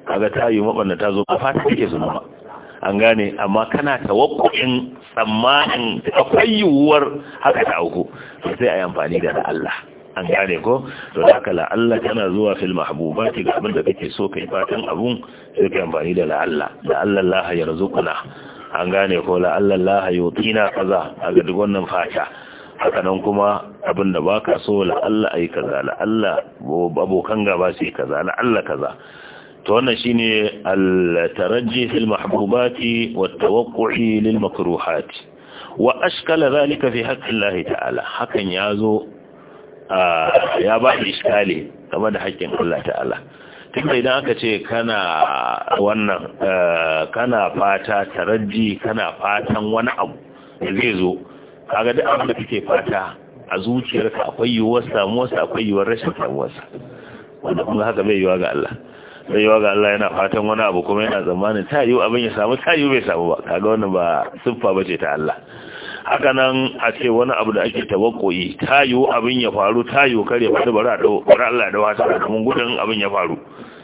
kaga ta yiwu mabarnata zo ba fata kake su an gane amma kana tawakkuin tsammanin akwai yiwuwar haka ta auku sai a yi amfani da Allah an gane ko to haka la Allah tana zuwa fil mahbubati ga abin da kake so kai fatan abun sai kai amfani da la Allah da Allah Allah ya yarzuquna an gane ko la Allah Allah yutina kaza a ga duk wannan fata haka nan kuma abin da baka so la Allah ai kaza la Allah abokan gaba sai kaza la Allah kaza to wannan shine al-tarajji fil mahbubati wat tawaqqu'i lil makruhat wa ashkala zalika fi haqqi Allah ta'ala hakan yazo ya ba iskali game da haƙƙin Allah ta'ala da idan aka ce kana wannan kana fata tarajji kana fatan wani abu zai zo kaga duk abin da kake fata a zuciyarka akwai yiwuwar samuwarsa akwai yiwuwar rashin samuwarsa wanda kuma haka bai yiwa ga Allah sai yawa ga Allah yana fatan wani abu kuma yana zamanin ta yiwu abin ya samu ta yiwu bai samu ba kaga wannan ba siffa bace ta Allah haka nan a ce wani abu da ake tawakkoyi ta yiwu abin ya faru ta yiwu kare wata bara dau bara Allah da wata domin gudun abin ya faru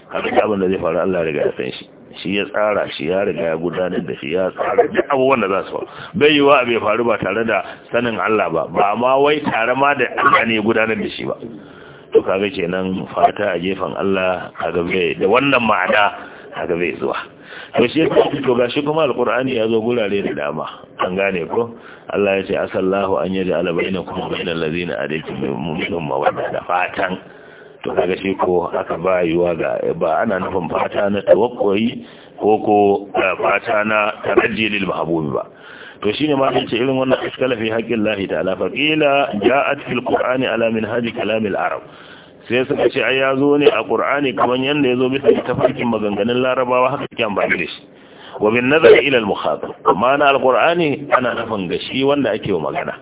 haka ta abin da zai faru Allah riga ya san shi shi ya tsara shi ya riga ya gudanar da shi ya tsara duk abubuwan da za su faru bai wa abu ya faru ba tare da sanin Allah ba ba ma wai tare ma da Allah ne ya gudanar da shi ba to kaga kenan fata a gefen Allah a gabe da wannan ma'ana a gabe zuwa to shi yasa to gashi kuma alqur'ani ya zo gurare da dama an gane ko Allah ya ce asallahu an yaj'ala bainakum wa bainal ladina adaytum mu'minun mawadda fatan to kaga shi ko aka ba yiwa ga ba ana nufin fata na tawakkuri ko ko eh, fata na tarajji mahbubi ba to shine ma ce irin wannan iskala fi lahi ta'ala fa qila ja'at fil qur'ani ala minhaj kalam al arab sai suka ce ai yazo ne a qur'ani kaman yanda yazo bisa tafarkin maganganun larabawa haka kyan ba shi wa bin nazar ila al mukhatab amma na al qur'ani ana nafin gashi wanda ake wa magana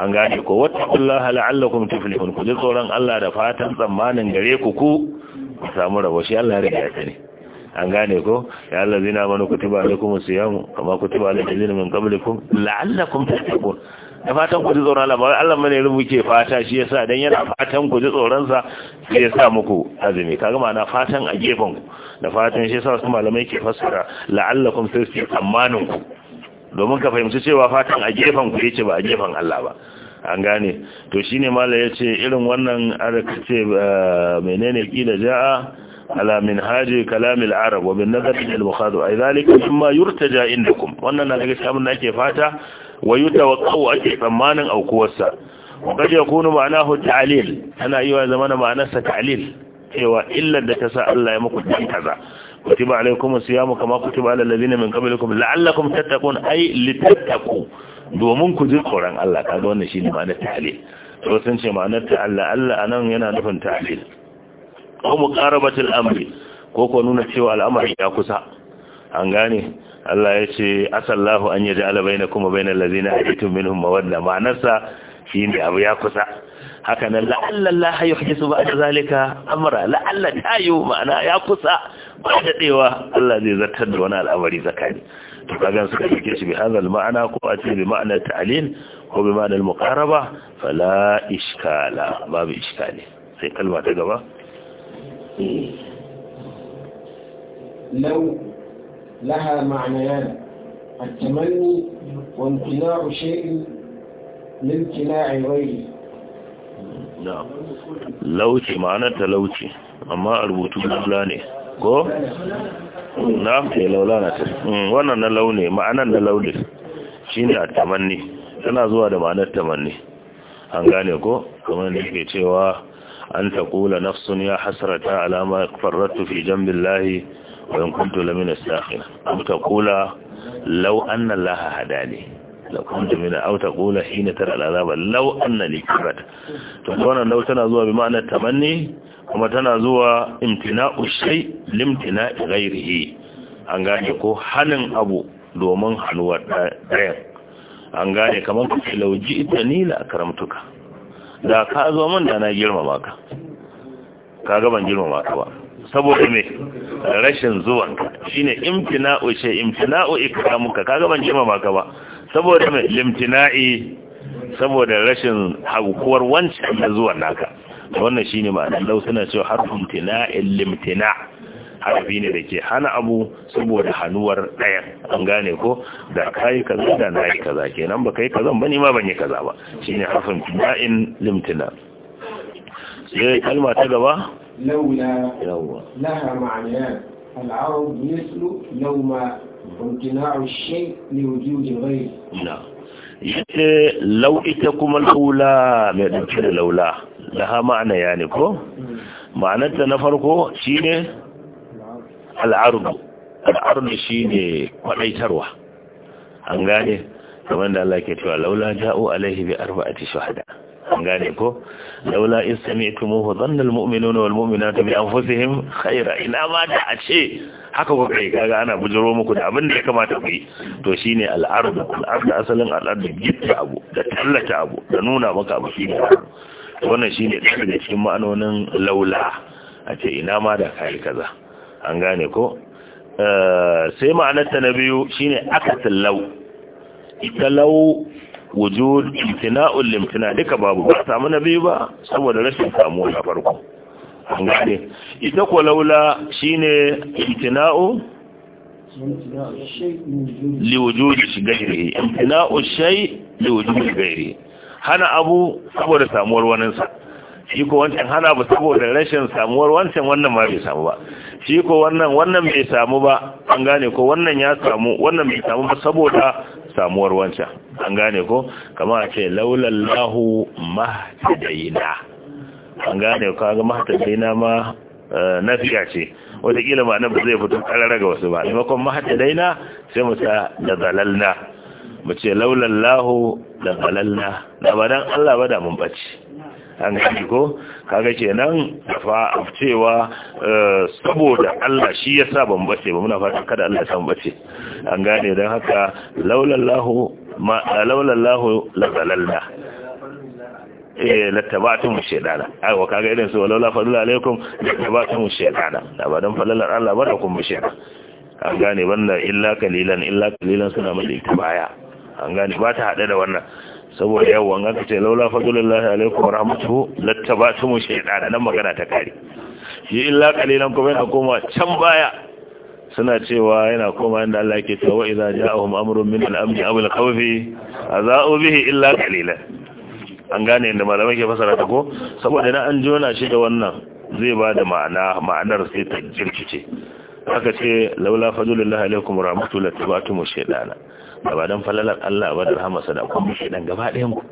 an gane ko wattaqullaha la'allakum tuflihun ku ji tsoron Allah da fatan tsammanin gare ku ku samu rabo shi Allah ya riga ya sani an gane ko ya Allah zina mana kutuba alaikum siyamu kama kutuba alal ladina min qablikum la'allakum tattaqun da fatan ku ji tsoron Allah ba Allah mane rubuce fata shi yasa dan yana fatan ku ji tsoron sa shi ya sa muku azumi kaga ma'ana fatan a gefen ku da fatan shi yasa su malamai ke fassara la'allakum tasfi amanin ku domin ka fahimci cewa fatan a gefen ku yace ba a gefen Allah ba an gane to shine mala yace irin wannan arka ce eh, menene kila ja'a على منهاج كلام العرب وبالنظر da البخاري أي ذلك مما يرتجى عندكم وأننا نجد أمنا fata ويتوقع أكي ثمانا أو كوسا Tana yiwa معناه التعليل أنا أيها زمان معناه تعليل cewa illar da ta sa Allah ya muku dan kaza kutiba alaikum siyamu kama kutiba alal ladina min qablikum la'allakum tattaqun ay litattaqu domin ku ji tsoron Allah kaga wannan shine ma'anar ta'lil to sun ce ma'anar ta'alla Allah anan yana nufin ta'lil ko muqarabatul amri ko ko nuna cewa al'amari ya kusa an gane Allah ya ce asallahu an yaj'ala bainakum wa bainal ladzina ajtum minhum mawadda ma'anarsa shine abu ya kusa haka nan la'alla Allah yuhdisu ba'da zalika amra la'alla tayu ma'ana ya kusa ba daɗewa Allah zai zartar da wani al'amari zakani to kagan suka dauke shi bi hadal ma'ana ko a ce bi ma'ana ta'lil ko bi ma'ana al-muqaraba fala iskala babu iskali sai kalma ta gaba لو لها معنيان التمني وامتناع شيء لامتناع غيره نعم lauce ma'anar ta lauce amma a rubutu laula ne ko? na wannan na laune ma'anar na laune shi ne a tamanni tana zuwa da ma'anar tamanni an gane ko kamar da ke cewa أن تقول نفس يا حسرة على ما فرطت في جنب الله وإن كنت لمن الساخرة أو تقول لو أن الله هداني لو كنت من أو تقول حين ترى العذاب لو أن لي كرة تقول لو تنازوا بمعنى التمني وما تنازوا امتناء الشيء لامتناء غيره an gane ko hannun abu domin hannuwar ɗayan an gane kamar kuka lauji ita nila a karamtuka da ka zo min da na girmama ka ka ga ban girmama ka ba saboda me rashin zuwanka shine imtina'u shay imtina'u ikramuka ka ga ban girmama ka ba saboda me limtina'i saboda rashin hakuwar wancan da zuwan naka wannan shine ma'anar lausuna cewa harfin tina'il limtina' harafi ne da ke hana abu saboda hannuwar ɗaya an gane ko da kayi kaza da na yi kaza kenan ba kai kazan ba ni ma ban yi kaza ba ne harfin tina'in limtina sai kalma ta gaba Yawwa. yawa laha ma'ana al'arab mislu lauma imtina'u shay li wujudi ghayr na yace law kuma laula mai ɗauki da laula laha ma'ana ya ne ko mm. ma'anarta na farko shi ne. al'arnu al'arnu shi ne kwaɗaitarwa an gane kamar da Allah ke cewa laula ja'o alaihi bi arba'ati shuhada an gane ko laula in sami tumo sami'tumuhu dhanna almu'minuna walmu'minatu bi anfusihim khaira ina ma da a ce haka ku kai kaga ana bujiro muku da abin da ya kamata ku yi to shi ne al'ard al'ard asalin al'ard gitta abu da tallata abu da nuna maka abu shine wannan shine daga cikin ma'anonin laula a ce ina ma da kai kaza an gane ko eh, sai ma'anarta na biyu shine akasin lau ita lau wujud imtina'ul limtina duka babu ba samu na biyu ba saboda rashin samu na farko an gane ita ko laula shine imtina'u li wujudi gairi imtina'u shay li wujudi gairi hana abu saboda samuwar waninsa shi ko wancan hana ba saboda rashin samuwar wancan wannan ma bai samu ba shi ko wannan wannan bai samu ba an gane ko wannan ya samu wannan bai samu ba saboda samuwar wancan an gane ko kamar a ce laulallahu mahtadaina an gane ko kaga mahtadaina ma eh, nafiya ce wataƙila ma nan ba zai fito karara ga wasu ba maimakon mahtadaina sai mu sa da zalalna mu ce laulallahu da zalalna da ba dan Allah ba da mun bace an shi ko kaga kenan fa cewa eh, saboda Allah shi yasa ban bace ba muna fatan kada Allah ya san bace an gane dan haka laulallahu ma eh, laulallahu la zalalna eh lattabatum shaytana ai wa kaga irin su laula fadlu alaikum lattabatum shaytana da ba dan fadlan Allah ba da kun shaytana an gane wannan illa kalilan illa kalilan suna mai baya an gane ba ta hada da wannan saboda yawan aka ce laula fadlullahi alaikum latta wa rahmatuhu lattabatumu shaytana nan magana ta kare shi illa kalilan kuma yana koma can baya suna cewa yana koma inda Allah yake cewa wa idza ja'ahum amrun min al-amn aw al-khawf aza'u bihi illa qalilan an gane inda malamai ke fasara ta ko saboda na an jona shi da wannan zai ba da ma'ana ma'anar sai ta jirkice aka ce laula fadlullahi alaikum Latta ba rahmatuhu lattabatumu shaytana da ba dan falalar Allah ba da rahamarsa da kuma dan gaba ɗayan ku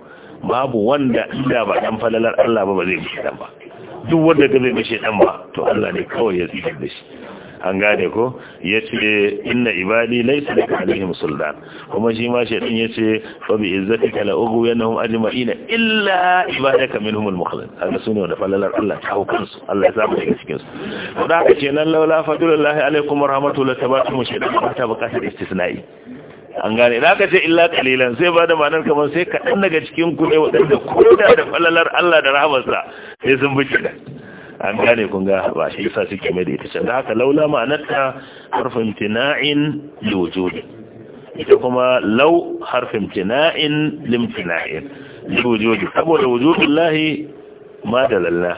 babu wanda inda ba dan falalar Allah ba ba zai mishi dan ba duk wanda ga zai mishi dan ba to Allah ne kawai ya tsira da shi an gane ko ya ce inna ibadi laysa laka alaihim sultan kuma shi ma shedan ya ce fa bi izzatika la ugu yanhum ajma'ina illa ibadaka minhum al-mukhlasin hada sunu da falalar Allah ta hukun su Allah ya zama da cikin su kuma da ka ce nan laula fadlullahi alaikum la tabatu shedan ta bukatar istisna'i an gane da aka ce illa kalilan sai ba da manar kamar sai kaɗan daga cikin ku ne waɗanda koda da falalar Allah da rahamarsa sai sun bi kiɗa an gane kun ga ba shi yasa suke mai da ita ce da haka laula ta harfin tina'in liwujudi ita kuma lau harfin tina'in limtina'in liwujudi saboda wujudun lahi ma da lalla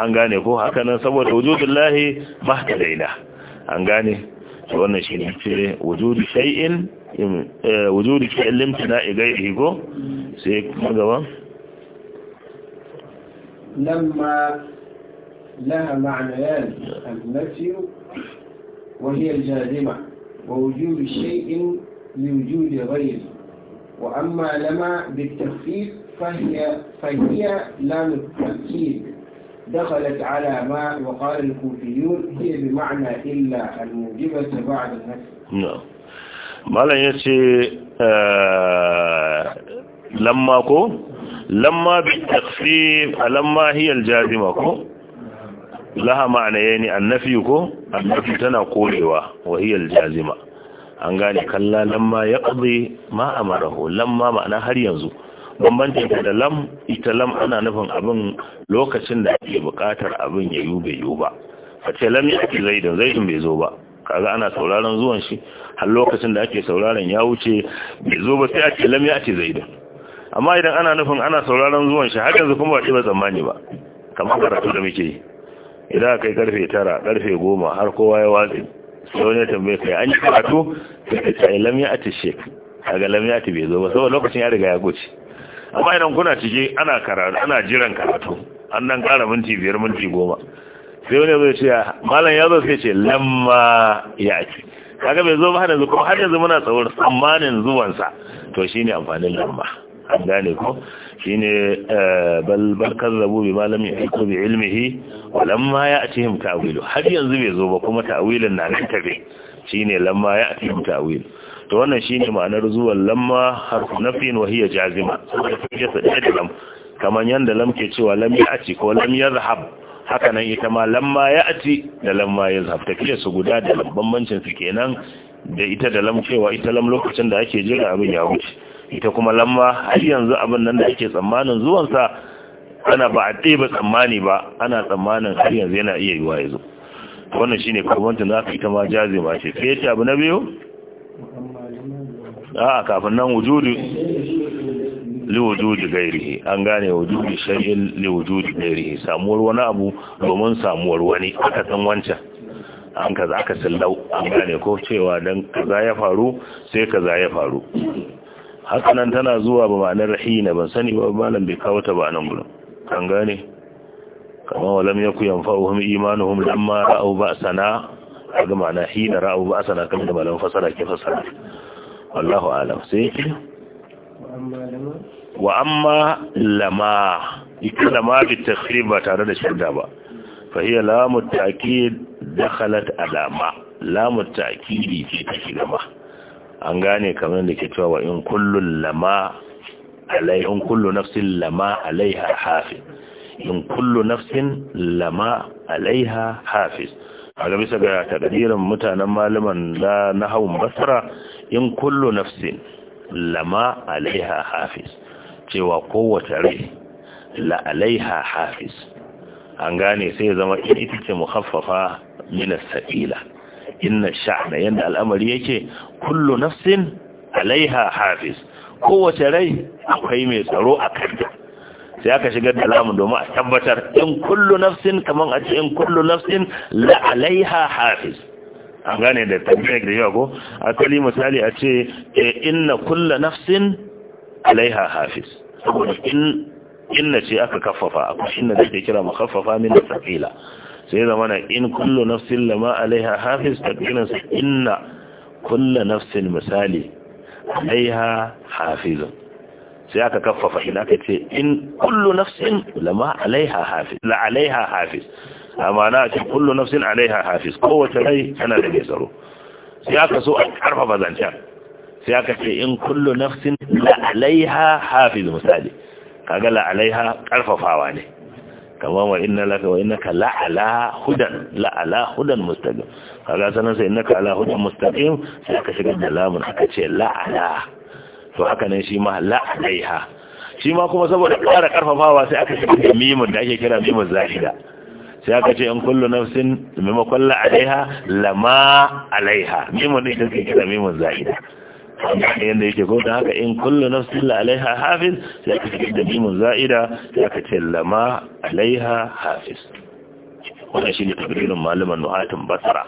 an gane ko haka nan saboda wujudun lahi ma da an gane قلنا شيء في وجود شيء آه، وجود شيء لم تنا إجايه يجو سيك ما جوا لما لها معنيان النفي وهي الجازمة ووجود شيء لوجود غير وأما لما بالتخفيف فهي فهي لام التأكيد دخلت على ما وقال الكوفيون هي بمعنى إلا الموجبة بعد النسل نعم malam ya ce lamma ko lamma bi taqsir lamma hiya aljazima ko laha ma'ana yani tana korewa wa hiya aljazima an gane kalla lamma yaqdi ma amarahu lamma ma'ana har yanzu bambancin ka da lam ita lam ana nufin abin lokacin da ake buƙatar abin ya yi bai yi ba a ce lam ya ake zaidin zaidin bai zo ba kaga ana sauraron zuwan shi har lokacin da ake sauraron ya wuce bai zo ba sai a ce lam ya ake zaidin amma idan ana nufin ana sauraron zuwan shi har yanzu kuma ba ce ba tsammani ba kamar karatu da muke yi idan kai karfe tara karfe goma har kowa ya watsi sai wani tambaye kai an yi karatu sai ka ce lam ya ake shek kaga lam ya ake bai zo ba saboda lokacin ya riga ya goce amma idan kuna cike ana karatu ana jiran karatu an nan ƙara minti biyar minti goma sai wani zai ce malam ya zo sai ce lamma ya ci kaga bai zo ba har yanzu kuma har yanzu muna tsawon tsammanin zuwansa to shine amfanin lamma an gane ko shine eh, bal bal kazzabu bi malami yaqu bi ilmihi wa lamma ya'tihim ta'wilu har yanzu bai zo ba kuma ta'wilin na nan tabe shine lamma ya'tihim ta'wilu to wannan shine ma'anar zuwan lamma harfu nafin wa hiya jazima kaman yanda lam ke cewa lam ya'ti ko lam yazhab haka nan ita ma lamma ya'ti da lamma yazhab take su guda da bambancin su kenan da ita da lam cewa ita lam lokacin da ake jira abin ya wuce ita kuma lamma har yanzu abin nan da ake tsammanin zuwansa ana ba a ba tsammani ba ana tsammanin har yanzu yana iya yiwa yanzu wannan shine za ka ita ma jazima ce sai ya ci abu na biyu a kafin nan wujudi liwujudi gairihi an gane wujudi shay'in wujudi gairihi samuwar wani abu domin samuwar wani aka san wancan an kaza aka sallau an gane ko cewa dan kaza ya faru sai kaza ya faru hakanan tana zuwa ba ma'anar rahina ban sani ba malam bai kawo ta ba nan gurin an gane kama walam yaku yanfa'uhum imanuhum lamma ra'u ba'sana ga ma'ana hina ra'u ba'sana kamar da malam fasara ke fasara wallahu alam sai ki wa amma lama ita lama bi takhrib ba tare da shadda ba fa hiya lamu ta'kid dakhalat alama lamu ta'kidi ce take lama an gane kamar da ke cewa wa in kullun lama alai in kullu nafsin lama alaiha hafiz in kullu nafsin lama alaiha hafiz kaga bisa ga takadirin mutanen malaman da nahawun basra in kullu nafsin lama alaiha hafiz cewa kowace rai la alaiha hafiz an gane sai zama ita ce mukhaffafa min as-saqila inna sha'na yadda al'amari yake kullu nafsin alaiha hafiz kowace rai akwai mai tsaro a kanta sai aka shigar da lamun domin a tabbatar in kullu nafsin kaman a ce in kullu nafsin la alaiha hafiz an gane da tabbatar da yawa ko akali misali a ce eh, inna kullu nafsin alaiha hafiz saboda in inna ce aka kaffafa akwai inna da ke kira makaffafa min tsakila sai zama na in kullu nafsin lama alaiha hafiz tadbirin inna kullu nafsin misali alaiha hafizun sai aka kaffafa shi aka ce in kullu nafsin lama alaiha hafiz la alaiha hafiz amma na ce kullu nafsin alaiha hafiz kowace rai tana da mai tsaro sai aka so a karfafa zancen sai aka ce in kullu nafsin la alaiha hafiz misali kaga la alaiha karfafawa ne kamar wa inna laka wa innaka la ala hudan la ala hudan mustaqim kaga sanan sai innaka ala hudan mustaqim sai aka shiga da lamun aka ce la ala to haka nan shi ma la alaiha shi ma kuma saboda ƙara ƙarfafawa sai aka shiga mimun da ake kira mimun zahida sai aka ce in kullu nafsin maimakon la alaiha lama alaiha mimun din take kira mimun zahida yanda yake ko da haka in kullu nafsin la alaiha hafiz sai aka shiga da mimun za'ida sai aka ce lama alaiha hafiz wannan shine takririn malaman nu'atun basara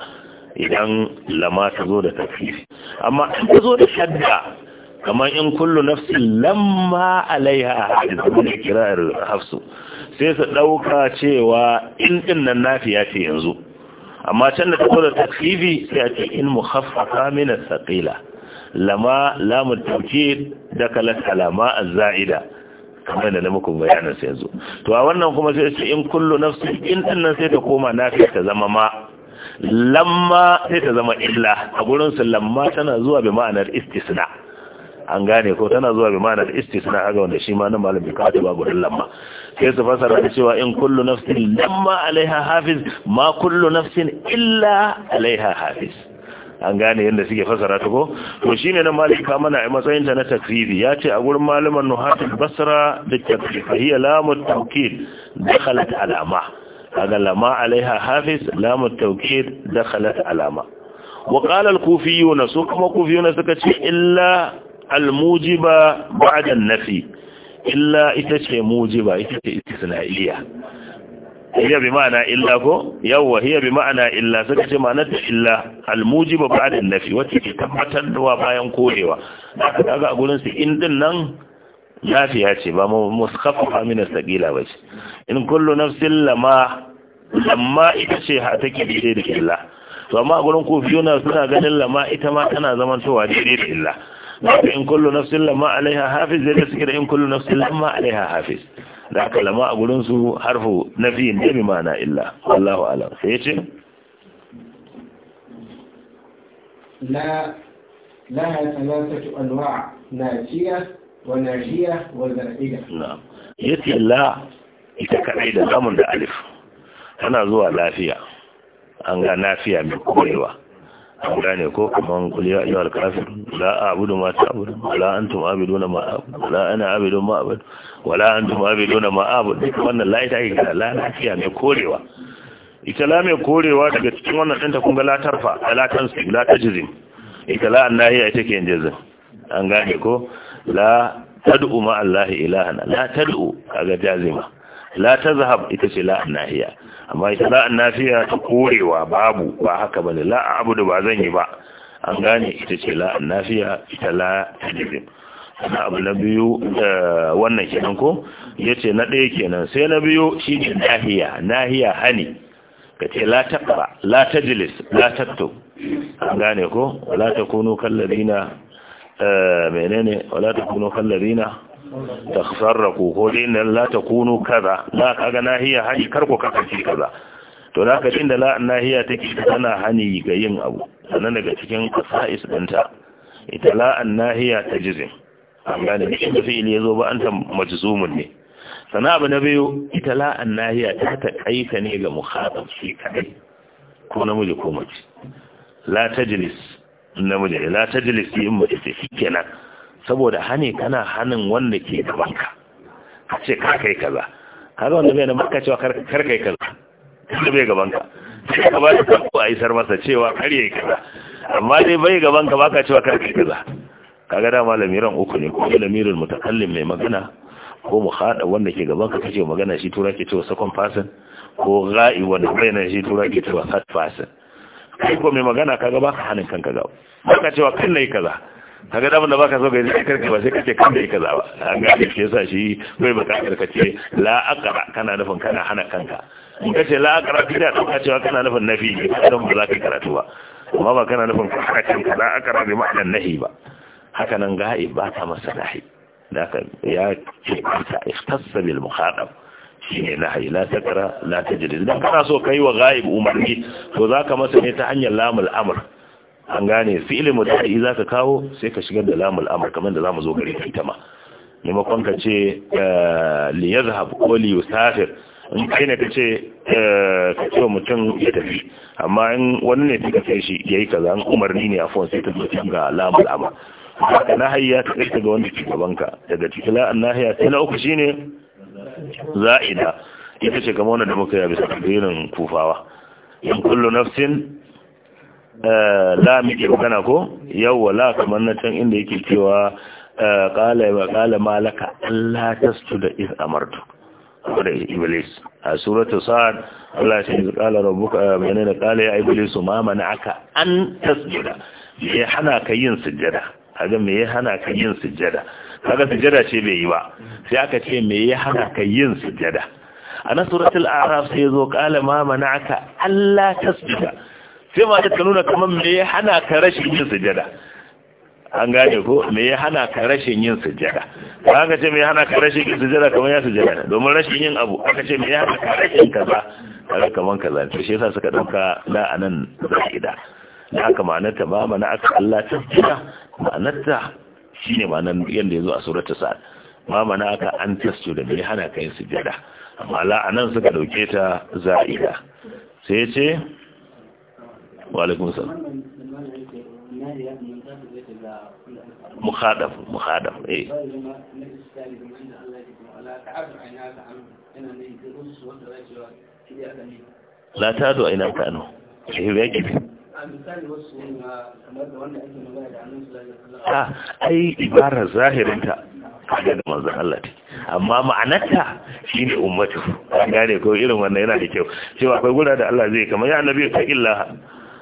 idan lama ta zo da tafifi amma in ta zo da shadda kamar in kullu nafsin lamma alaiha da kirar hafsu sai su ɗauka cewa in din nan nafiya ce yanzu amma can da ta da takfifi sai a ce in muhaffafa minas saƙila lama lamun tauke da kalas alama a za'ida kamar da na muku bayanin sai yanzu to a wannan kuma sai ce in kullu nafsin in din nan sai ta koma nafiya ta zama ma lamma sai ta zama illa a gurinsu lamma tana zuwa bi ma'anar istisna an gane ko tana zuwa bi ma'anar istisna haka wanda shi ma na malam bai ba lamma sai su fasara da cewa in kullu nafsin lamma alaiha hafiz ma kullu nafsin illa alaiha hafiz an gane yadda suke fasara ta ko to shine na malik ka mana a matsayin ta na takribi ya ce a gurin malaman nuhatul basra da takribi hiya lamu tawkid dakhalat alama kaga lama alaiha hafiz lamu tawkid dakhalat alama wa qala al su kuma kufiyuna suka ce illa al-mujiba ba'da an-nafi illa ita ce mujiba ita ce istisna'iyya hiya bi ma'ana illa ko yawa hiya bi ma'ana illa suka ce ma'anar ta illa al-mujiba ba'da an-nafi wacce ke tabbatar da bayan korewa kaga a gurin su in din nan lafiya ce ba mu min as-saqila ba ce in kullu nafsin lama lamma ita ce ha take daidai da illa to amma a gurin kofiyuna suna ganin lama ita ma tana zamantowa daidai da illa إن كل نفس ما عليها حافظ زي كده إن كل نفس لما عليها حافظ لكن لما أقول نسو حرف نفي نبي بمعنى إلا والله أعلم فيش لا لها ثلاثة أنواع ناجية وناجية وزرعية نعم يتي الله يتكعيد الأمر ألف أنا زوى نافية أنا نافية من كل واحد an gane ko kuma kuliya ya alkafir kafir la a'budu ma ta'budun wala antum abiduna ma a'budu la ana abidu ma a'budu wala antum abiduna ma a'budu wannan la ita ake la lafiya mai korewa ita la mai korewa daga cikin wannan ɗinta kun ga la tarfa la su la tajzim ita la annahiya ita ke jazim an gane ko la tad'u ma allahi ilahan la tad'u kaga jazima la tazhab ita ce la annahiya amma ita la nafiya ta korewa babu ba haka bane abu abudu ba zan yi ba an gane ita ce la nafiya ita la na abu na biyu eh, wannan kenan ko ya ce na ɗaya kenan sai na biyu shi ne nahiya nahiya hani ce la taqra la tajlis la taktub an gane ko wala takunu kallazina eh, menene wala takunu kallazina Ta tasarraku ko dai nan la kunu kaza za la kaga nahiya hani kar ku kasance kaza to da ka da la nahiya take tana hani ga yin abu sannan daga cikin qasa'is dinta ita la nahiya tajzim an gane shi da fi'il yazo ba anta majzumun ne sana abu na biyu ita la nahiya ta takaita ne ga mukhatab shi kadai ko namiji ko mace la tajlis namiji la tajlis yin mace kenan saboda hane kana hanin wanda ke gabanka a ce ka kai kaza kaga wanda bai da maka cewa kar kai kaza da bai gabanka sai ka ba da ko a isar masa cewa kar yayi kaza amma dai bai gabanka baka cewa kar kai kaza kaga da malamiran uku ne ko lamirin mutakallim mai magana ko mu hada wanda ke gaban ka kace magana shi tura ke cewa second person ko ra'i wanda na shi tura ke cewa third person kai ko mai magana kaga baka hanin kanka ga baka cewa kan kaza kaga da da baka so ga zai karka ba sai kace kan da kaza ba an ga shi yasa shi bai baka karkace la aqra kana nufin kana hana kanka in kace la aqra kida to ka cewa kana nufin nafi ne dan ba za ka karatu ba amma ba kana nufin hana kanka la aqra bi ma'anan nahi ba haka nan ga'ib ba ta masa nahi ya ce ta ikhtassa bil mukhadab shine nahi la takra la tajrid dan kana so kai wa ga'ib umarni to zaka masa ne ta hanyar lamul amr an gane fi'il za ka kawo sai ka shigar da lamul amr kamar da zamu zo gari ta ita ma maimakon ka ce eh, li haɓu ko li safir in kai ne ka ce eh, ka ce mutum ya tafi amma in wani ne ka kai shi ya yayi kaza an umarni ne a fon sai ka zo ga lamul amr haka nahiya ta kai ga wanda ke gaban ka daga cikin la'an nahiya sai na uku shine za'ida ita ce kamar wanda da muka yi bisa tafsirin kufawa in kullu nafsin la eh, muke magana ko yawwa la kamar na can inda yake cewa eh, qala wa qala malaka alla tasjuda iz amartu da iblis a suratu sa'ad Allah ya ce qala rabbuka eh, menene qala ya iblis ma mana'aka an tasjuda ya hana ka yin sujjada kaga me ya hana ka yin sujjada kaga sujjada ce bai yi ba sai aka ce me ya hana ka yin sujjada a na suratul a'raf sai zo qala ma mana'aka Allah tasjuda sai ma ta nuna kamar me ya hana ka rashin yin sujada an gane ko me ya hana ka rashin yin sujada ba ka ce me ya hana ka rashin yin sujada kamar ya sujada domin rashin yin abu aka ce me ya hana ka rashin kaza kaza kamar kaza to shi yasa suka dauka da anan ida da haka ma'anarta ba mana aka Allah ta tsira ma'anarta shine ma'anar yanda yazo a suratul sa'ad ma mana aka an tasu da me ya hana ka yin sujada amma la anan suka dauke ta za'ida sai ya ce wa alaikum salam mukhadaf mukhadaf eh la ta zo ina ka ano eh ya ki ta ai ibara zahirinta kaga da manzon Allah ta amma ma'anarta shine ummatu an gane ko irin wannan yana da kyau cewa akwai gura da Allah zai kamar ya annabi ta illa.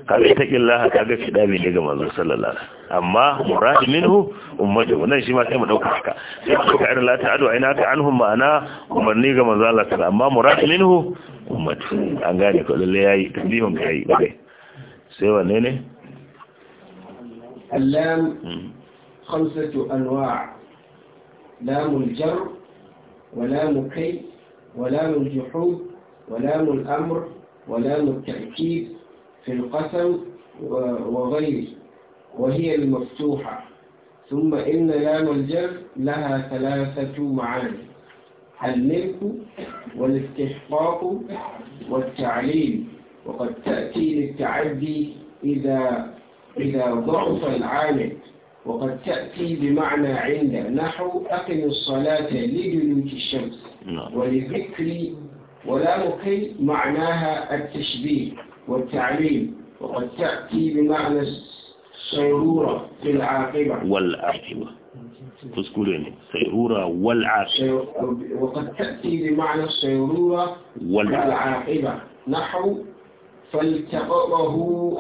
kaga ita killaha kaga kida ne daga manzo sallallahu alaihi wasallam amma muradi minhu ummatu wannan shi ma sai mu dauka haka sai mu dauka irin la ta'adu ta anhum ma'ana umarni ga manzo Allah sallallahu amma muradi minhu ummatu an gane ko lalle yayi tabihun kai daga sai wanne ne allam khamsatu anwa' lam al-jar wa lam kay wa lam al-juhud wa lam al-amr wa lam al-ta'kid في القسم وغير وهي المفتوحة ثم إن لام الجر لها ثلاثة معاني الملك والاستحقاق والتعليل وقد تأتي للتعدي إذا, إذا ضعف العامل وقد تأتي بمعنى عند نحو أقم الصلاة لدلوك الشمس نعم. ولذكر ولا مقي معناها التشبيه والتعليم وقد تأتي بمعنى السيرورة في العاقبة والعاقبة تذكرين سيرورة والعاقبة وقد تأتي بمعنى السيرورة والعاقبة نحو فالتقطه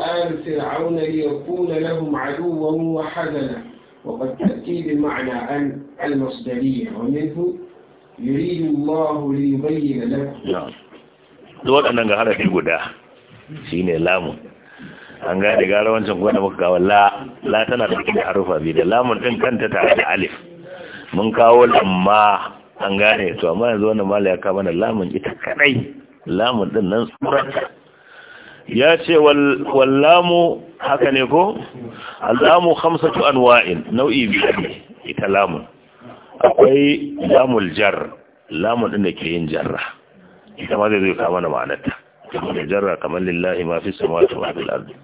آل فرعون ليكون لهم عدوا وحزنا وقد تأتي بمعنى المصدرية ومنه يريد الله ليبين لكم. نعم. Duk أنا ga harafi Shi ne lamun an gane gara wancan gwada muka kawo la la tana da cikin harufa biyu da lamun din kanta tare da alif mun kawo lamma an gane to amma yanzu wannan mala ya kawo mana lamun ita kadai lamun din nan surata ya ce wallamu haka ne ko allamu khamsatu anwa'in nau'i biyu ne ita lamun akwai lamul jar lamun din da ke yin jarra ita ma zai zai kawo mana ma'anarta kamar da jarra kamar lillahi ma fi samawati wa fil ardi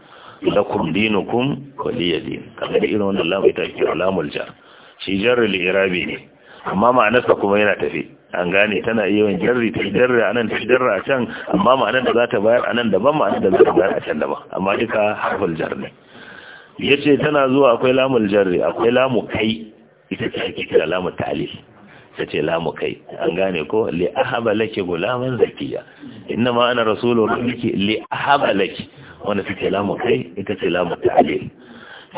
lakum dinukum waliya din kamar irin wannan lamu ita ke lamul jar shi jarri li irabi ne amma sa kuma yana tafi an gane tana yawan jarri ta jarra anan ta jarra a can amma ma'anar da za ta bayar anan daban ma'anar da za ta bayar a can daban amma duka harful jar ne yace tana zuwa akwai lamul jarri akwai lamu kai ita ce ake kira lamu ta'lil ta ce lamu kai an gane ko li ahaba laki gulaman zakiya inna ma ana rasulu rabbiki li ahaba laki wanda ce lamu kai ita ce lamu ta'lil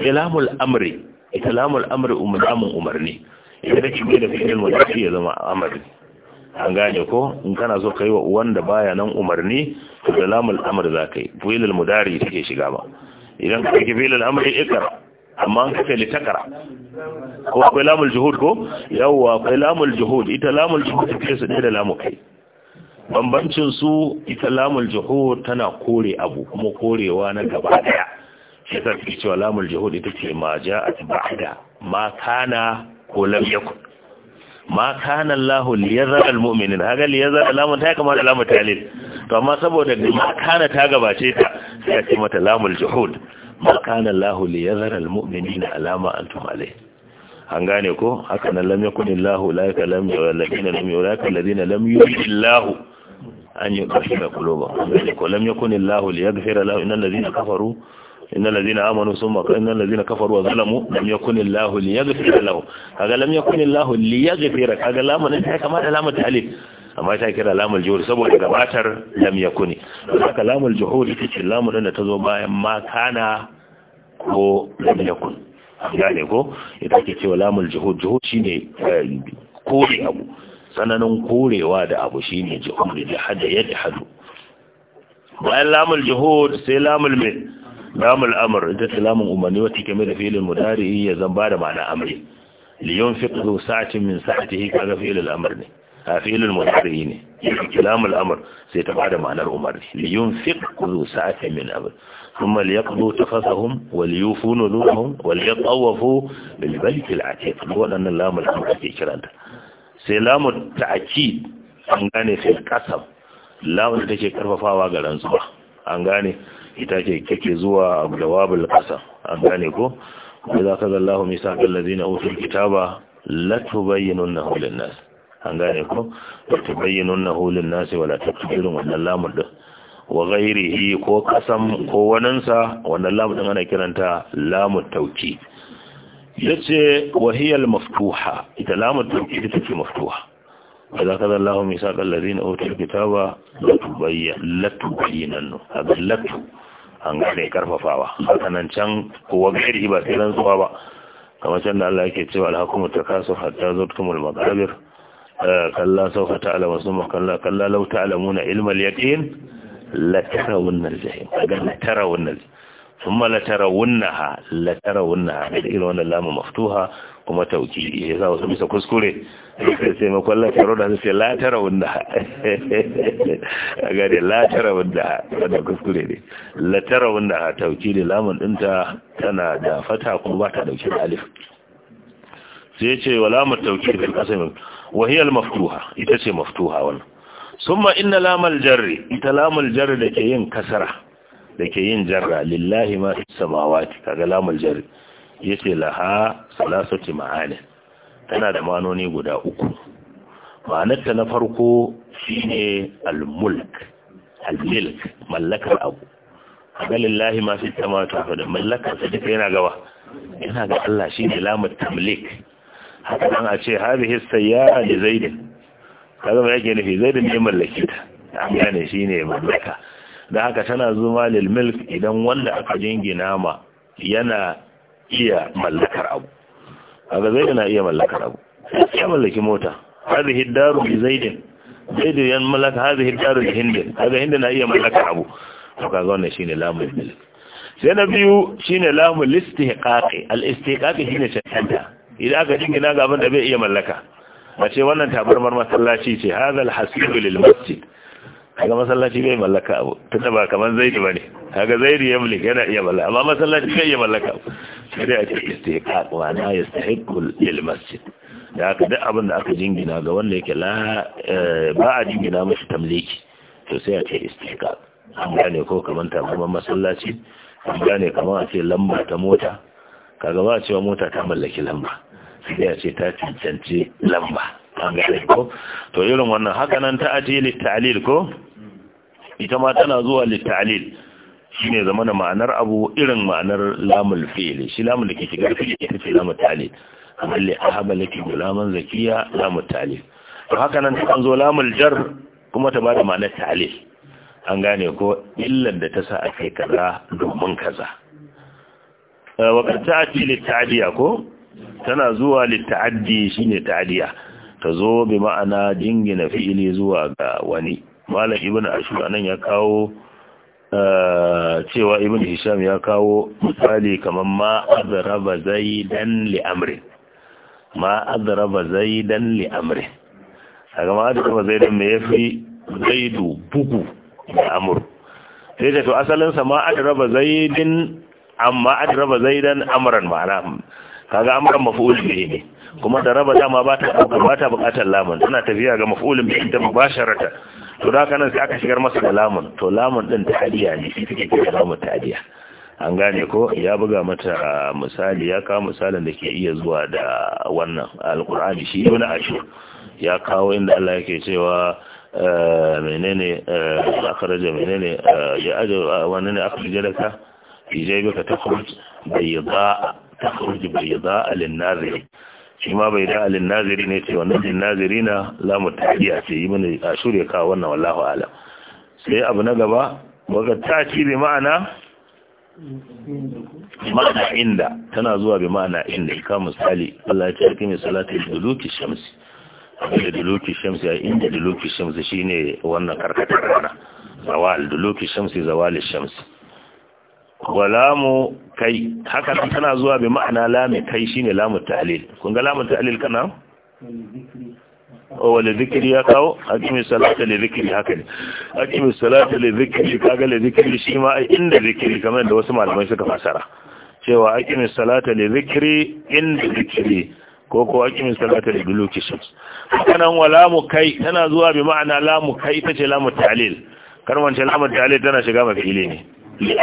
sai lamul amri ita lamul amri umdamun umarni ita take da fi'il mudafi ya zama amri an gane ko in kana so kai wa wanda baya nan umarni to da lamul amr zakai fi'il mudari take shiga ba idan ka kike fi'il amri ikra amma ka kai takara ko akwai lamul juhud ko yawwa akwai lamul juhud ita lamul juhud take su da lamu kai bambancin su ita lamul juhud tana kore abu kuma korewa na gaba daya shi ta fi cewa lamul juhud ita ce ma ja'at ba'da ma kana ko lam yakun ma kana Allah liyazar almu'minin haga liyazar lamun ta kama da lamun talil to amma saboda ma kana ta gabace ta sai ta ce mata lamul juhud makanan lahu Allahu li yadhara almu'minina ala ma antum alayh an gane ko haka nan lam yakun Allahu la kalam wa ladina lam yuraka ladina lam yurillahu an yuqashira qulubahum ko lam yakun Allahu li yaghfira lahum innal ladina kafaru إن الذين آمنوا ثم إن الذين كفروا وظلموا لم يكن الله ليغفر لهم هذا لم يكن الله kaga هذا لا من كما لا متعلق amma ta kira lamul juhuri saboda gabatar lam yakuni haka lamul juhuri ita ce lamun da ta zo bayan ma kana ko lam yakun ne ko ita ke cewa lamul juhud juhud shine eh, kore abu sananin korewa da abu shine juhud da hada yadda hadu bayan lamul juhud sai lamul min lamul amr ita ce lamun umarni wata kame da fi'ilin mudari ya zan ba da ma'ana amri liyon fiqhu sa'atin min sa'atihi kaga fi'il al-amr ne filin mutari ne kilamul amr sai ta bada ma'anar umarni li yunfiq kullu sa'atin min amr thumma liyaqdu tafasahum wa liyufu nuzurahum wa liyatawafu bil balki al atiq wadannan lamul amr ake kiranta sai lamul ta'kid an gane sai qasam lamul take karfafawa ga rantsuwa an gane ita ce kake zuwa abdawabul qasam an gane ko kaza, وإذا أخذ الله ميثاق الذين أوتوا الكتاب لتبيننه للناس an gane ko da bayyana wannan hulun nasi wala irin wannan lamun din wa ghairihi ko kasam ko waninsa wannan lamun din ana kiranta lamun tauki yace wahiyal maftuha ita lamun tauki ita ce maftuha kaza kaza Allahu misaqal ladina utul kitaba latubayyin latubayyinannu hada latu an gane karfafawa hakanan can kowa gairi ba sai rantsuwa ba kamar can da Allah yake cewa alhakumu takasu hatta zutkumul maqabir Eh, kalla sauka ta'alama sun makalla kalla lau ta'alamuna ilmal yaƙin latarawunan jahim daga latarawunan sun ma latarawunaha latarawunaha da irin wannan lamu maftuha kuma tauki ya sa wasu bisa kuskure sai makon latarawun da sai latarawunaha a gane latarawunaha wanda kuskure ne ha, tauki ne, lamun ɗinta tana da fata kuma ba ta da alif sai ce wala mu tauki da kasamin wahiyal maftuha ita ce maftuha wannan summa inna lamal jarri ita lamal jarri da ke yin kasara da ke yin jarra lillahi ma fi samawati kaga lamal jarri yace laha salasati ma'ani tana da manoni guda uku ma'anarta na farko shine al-mulk al-milk mallakar abu kaga lillahi ma fi samawati mallakar sa duka yana gawa yana ga Allah shi ne lamar tamlik haka a ce hadhihi sayyara li zaidin ta zama yake nufi zaidin ne mallakita. ta an gane ne mallaka da haka tana zuma lil milk idan wanda aka jingina ma yana iya mallakar abu kaga zaidin na iya mallakar abu ya mallaki mota hadhihi hidaru bi zaidin zaidin yan mallaka hidaru daru li hind kaga hindin na iya mallakar abu to kaga wannan shine lamul sai na biyu shine listi istihqaqi al istihqaqi shine cancanta idan aka jingina ga abin da bai iya mallaka a ce wannan tabarmar masallaci ce hazal hasibu lil masjid kaga masallaci bai mallaka abu tunda ba kaman zaidi bane kaga zaidi ya mulki yana iya mallaka amma masallaci bai iya mallaka sai dai a ce istiqaq wa na yastahiqu lil masjid da aka duk abin da aka jingina ga wanda yake la eh, ba a jingina mashi tamliki to sai a ce istiqaq an gane ko kaman tabarmar masallaci an gane kaman a ce lamba ta mota kaga ba a cewa mota ta mallaki lamba sai ya ce ta cancanci lamba an gane ko to irin wannan haka nan ta ati litta'lil ko ita ma tana zuwa litta'lil shine zama da ma'anar abu irin ma'anar lamul fi'li shi lamul da ke shiga fi'li ita ce lamul ta'lil kamar li ahaba laki gulaman zakiya lamul ta'lil to haka nan ta zo lamul jar kuma ta bada ma'anar ta'lil an gane ko illar da ta sa ake kaza domin kaza eh, wa ta ta'ti lit ta'diya ko tana zuwa litta'addi shine ta'adiya ta zo bi ma'ana jingina fi'ili zuwa ga wani malam ibn ashur anan ya kawo eh, cewa ibn hisham ya kawo misali kamar ma azraba zaidan li amri ma azraba zaidan li amri kaga ma azraba zaidan me yafi zaidu bugu da amr sai da to asalin sa ma azraba zaidin amma azraba zaidan amran ma'ana kaga amran maf'ul bihi ne kuma da raba dama ba ta ba ta bukatar lamun tana tafiya ga maful bihi ta mubasharata to da kana sai aka shigar masa da lamun to lamun din ta hadiya ne take kira lamun ta hadiya an gane ko ya buga mata misali ya kawo misalin da ke iya zuwa da wannan alqur'ani shi ibn ashur ya kawo inda Allah yake cewa eh, menene eh, akhraja menene eh, ya ajo wannan akhraja ka fi jaybika takhruj bayda takhruj bayda lin-nazir shi ma bayda lin-nazir ne ce wannan lin-nazirina lamu tahdiya ce yi mana a shirye ka wannan wallahu alam sai abu na gaba waga taki bi ma'ana ma'ana inda tana zuwa bi ma'ana inda ka misali Allah ya tarki mai salati duluki shamsi da duluki shamsi a inda duluki shamsi shine wannan karkatar rana zawal duluki shamsi zawal shamsi wa lamu kai haka tana zuwa bi ma'ana lami kai shine lamu ta'lil kun ga lamu ta'lil kana oh, wa li dhikri ya kawo akimi salata li zikiri haka ne akimi salata li dhikri kaga li zikiri shi ma a inda zikiri kamar da wasu malamai suka fasara cewa akimi salata li zikiri inda zikiri ko ko aqimis salata li duluki shams kanan wala mu kai tana zuwa bi ma'ana lamu kai ita ce mu ta'lil karwan ta la tana shiga mafi ile ne li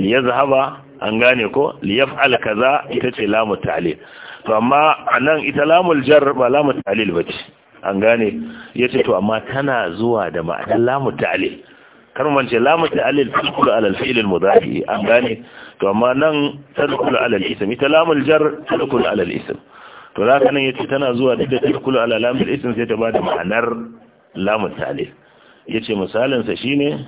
zahaba, an gane ko liyaf kaza ita ce lamu ta'lil to amma anan ita lamul jar ba lamu ta'lil ce an gane yace to amma tana zuwa da ma'anar lamu ta'lil kar mun ce lamu ta'lil tadkhulu ala al-fi'l an gane to amma nan tadkhulu ala alism ita lamul jar tadkhulu ala alism to zaka nan yace tana zuwa da tadkhulu ala lamul alism sai ta bada ma'anar lamu ta'lil yace misalin sa shine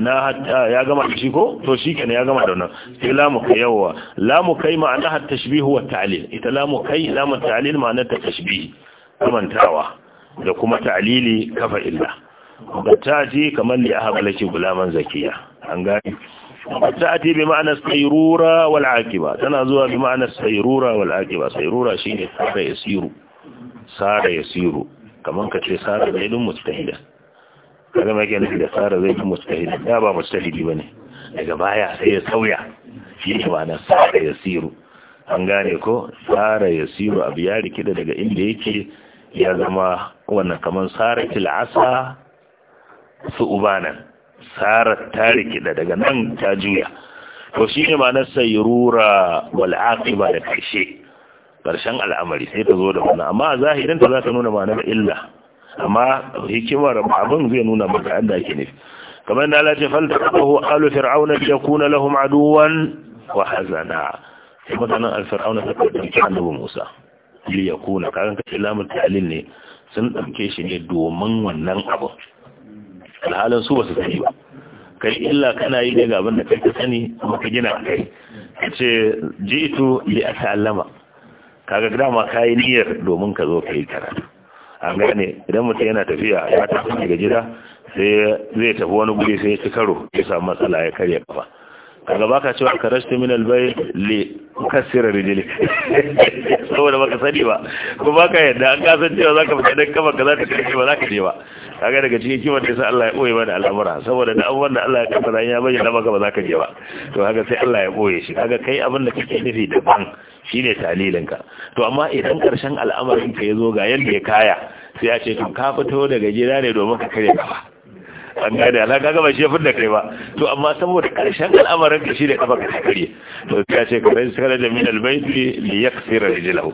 na hatta ya gama da shi ko to shi kenan ya gama da wannan sai lamu kai yawa lamu kai ma'ana har tashbihu wa ta'lil ita lamu kai lamu ta'lil ma'ana ta tashbihi kamantawa da kuma ta'lili kafa illa ga taji kamar li laki gulaman zakiya an gani ta'ati bi ma'ana sayrura wal aqiba tana zuwa bi ma'ana sayrura wal aqiba sayrura shine sara yasiru sara yasiru kaman kace sara da ilmu mustahida kaga ma kenan da sara zai fi mustahili da ba mustahili bane daga baya sai ya sauya shi ne ba na sara ya siru an gane ko sara ya siru abu ya rikida daga inda yake ya zama wannan kamar sara tilasa su ubanan sara ta rikida daga nan ta juya to shi ne ma na sayrura wal aqiba da karshe karshen al'amari sai ta zo da wannan amma zahirin ta za ta nuna ma'anar illa amma hikimar abin zai nuna maka an da ake nufi kamar da Allah ce falta kafahu alu fir'auna ya kuna lahum aduwan wa hazana sai mutanen alfir'auna ta ɗauki annabi musa li ya kuna kagan kace lamun talil ne sun dauke shi ne domin wannan abin alhalin su ba sai ba kai illa kana yi daga abin da kai sani kuma ka gina kai kace ce ji'itu li ata'allama kaga dama kai niyyar domin ka zo ka karatu an gane idan mutum yana tafiya ya tafi daga gida sai zai tafi wani guri sai ya ci karo ya samu matsala ya karya kafa kaga baka cewa ka rashta min albay li kasira rijili saboda baka sani ba ko baka yadda an kasan cewa zaka fita dan kafa kaza ta kace ba zaka je ba kaga daga cikin kiwon da sai Allah ya boye mana al'amura saboda da abubuwan da Allah ya kafa ya bayyana maka ba zaka je ba to kaga sai Allah ya boye shi kaga kai abin da kake nufi daban Shi ne talilinka to amma idan karshen al'amarin ka zo ga yadda ya kaya sai ya ce ka fito daga gida ne domin ka kare kafa an gane ala ka gama shi da kai ba to amma saboda karshen al'amarin ka ne kafa ka kare to sai ya ce ka rai sai da min albayti li yaksira rijlahu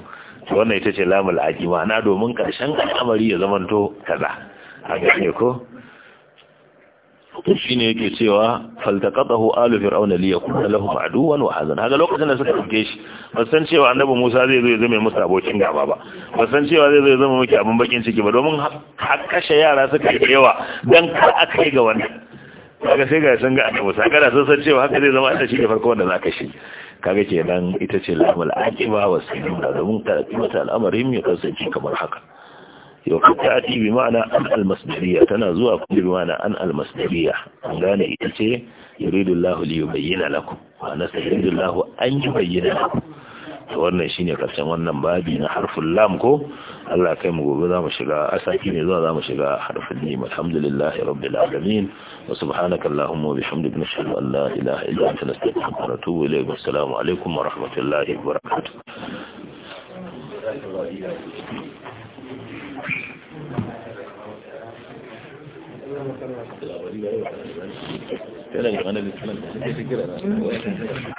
to wannan ita ce lamul aqima na domin karshen al'amari ya zamanto kaza an gane ko to shine yake cewa faltaqatahu alu fir'auna li yakuna lahu aduwan wa hazan haka lokacin da suka dauke shi ba san cewa annabi Musa zai zo ya zama musu abokin gaba ba Ban san cewa zai zo ya zama miki abin bakin ciki ba domin har kashe yara suka yi yawa dan kar kai ga wannan kaga sai ga sun ga annabi Musa kada sun san cewa haka zai zama Allah shi ne farko wanda zaka shi kaga kenan ita ce lamul aqiba wa sunna domin ta al'amarin ya kasance kamar haka yau ta'ati bi ma'ana an almasdariya tana zuwa kuma bi ma'ana an almasdariya an gane ita ce yuridullahu li yubayyana lakum wa nasallallahu an yubayyana to wannan shine karshen wannan babi na harful lam ko Allah kai mu gobe za mu shiga asaki ne zuwa mu shiga harful lam alhamdulillahi rabbil alamin wa subhanaka allahumma wa bihamdika nashhadu an la ilaha illa anta nastaghfiruka wa natubu ilayk wa assalamu alaykum wa rahmatullahi wa barakatuh Tana da wani da tana da wani da tana da wani da tana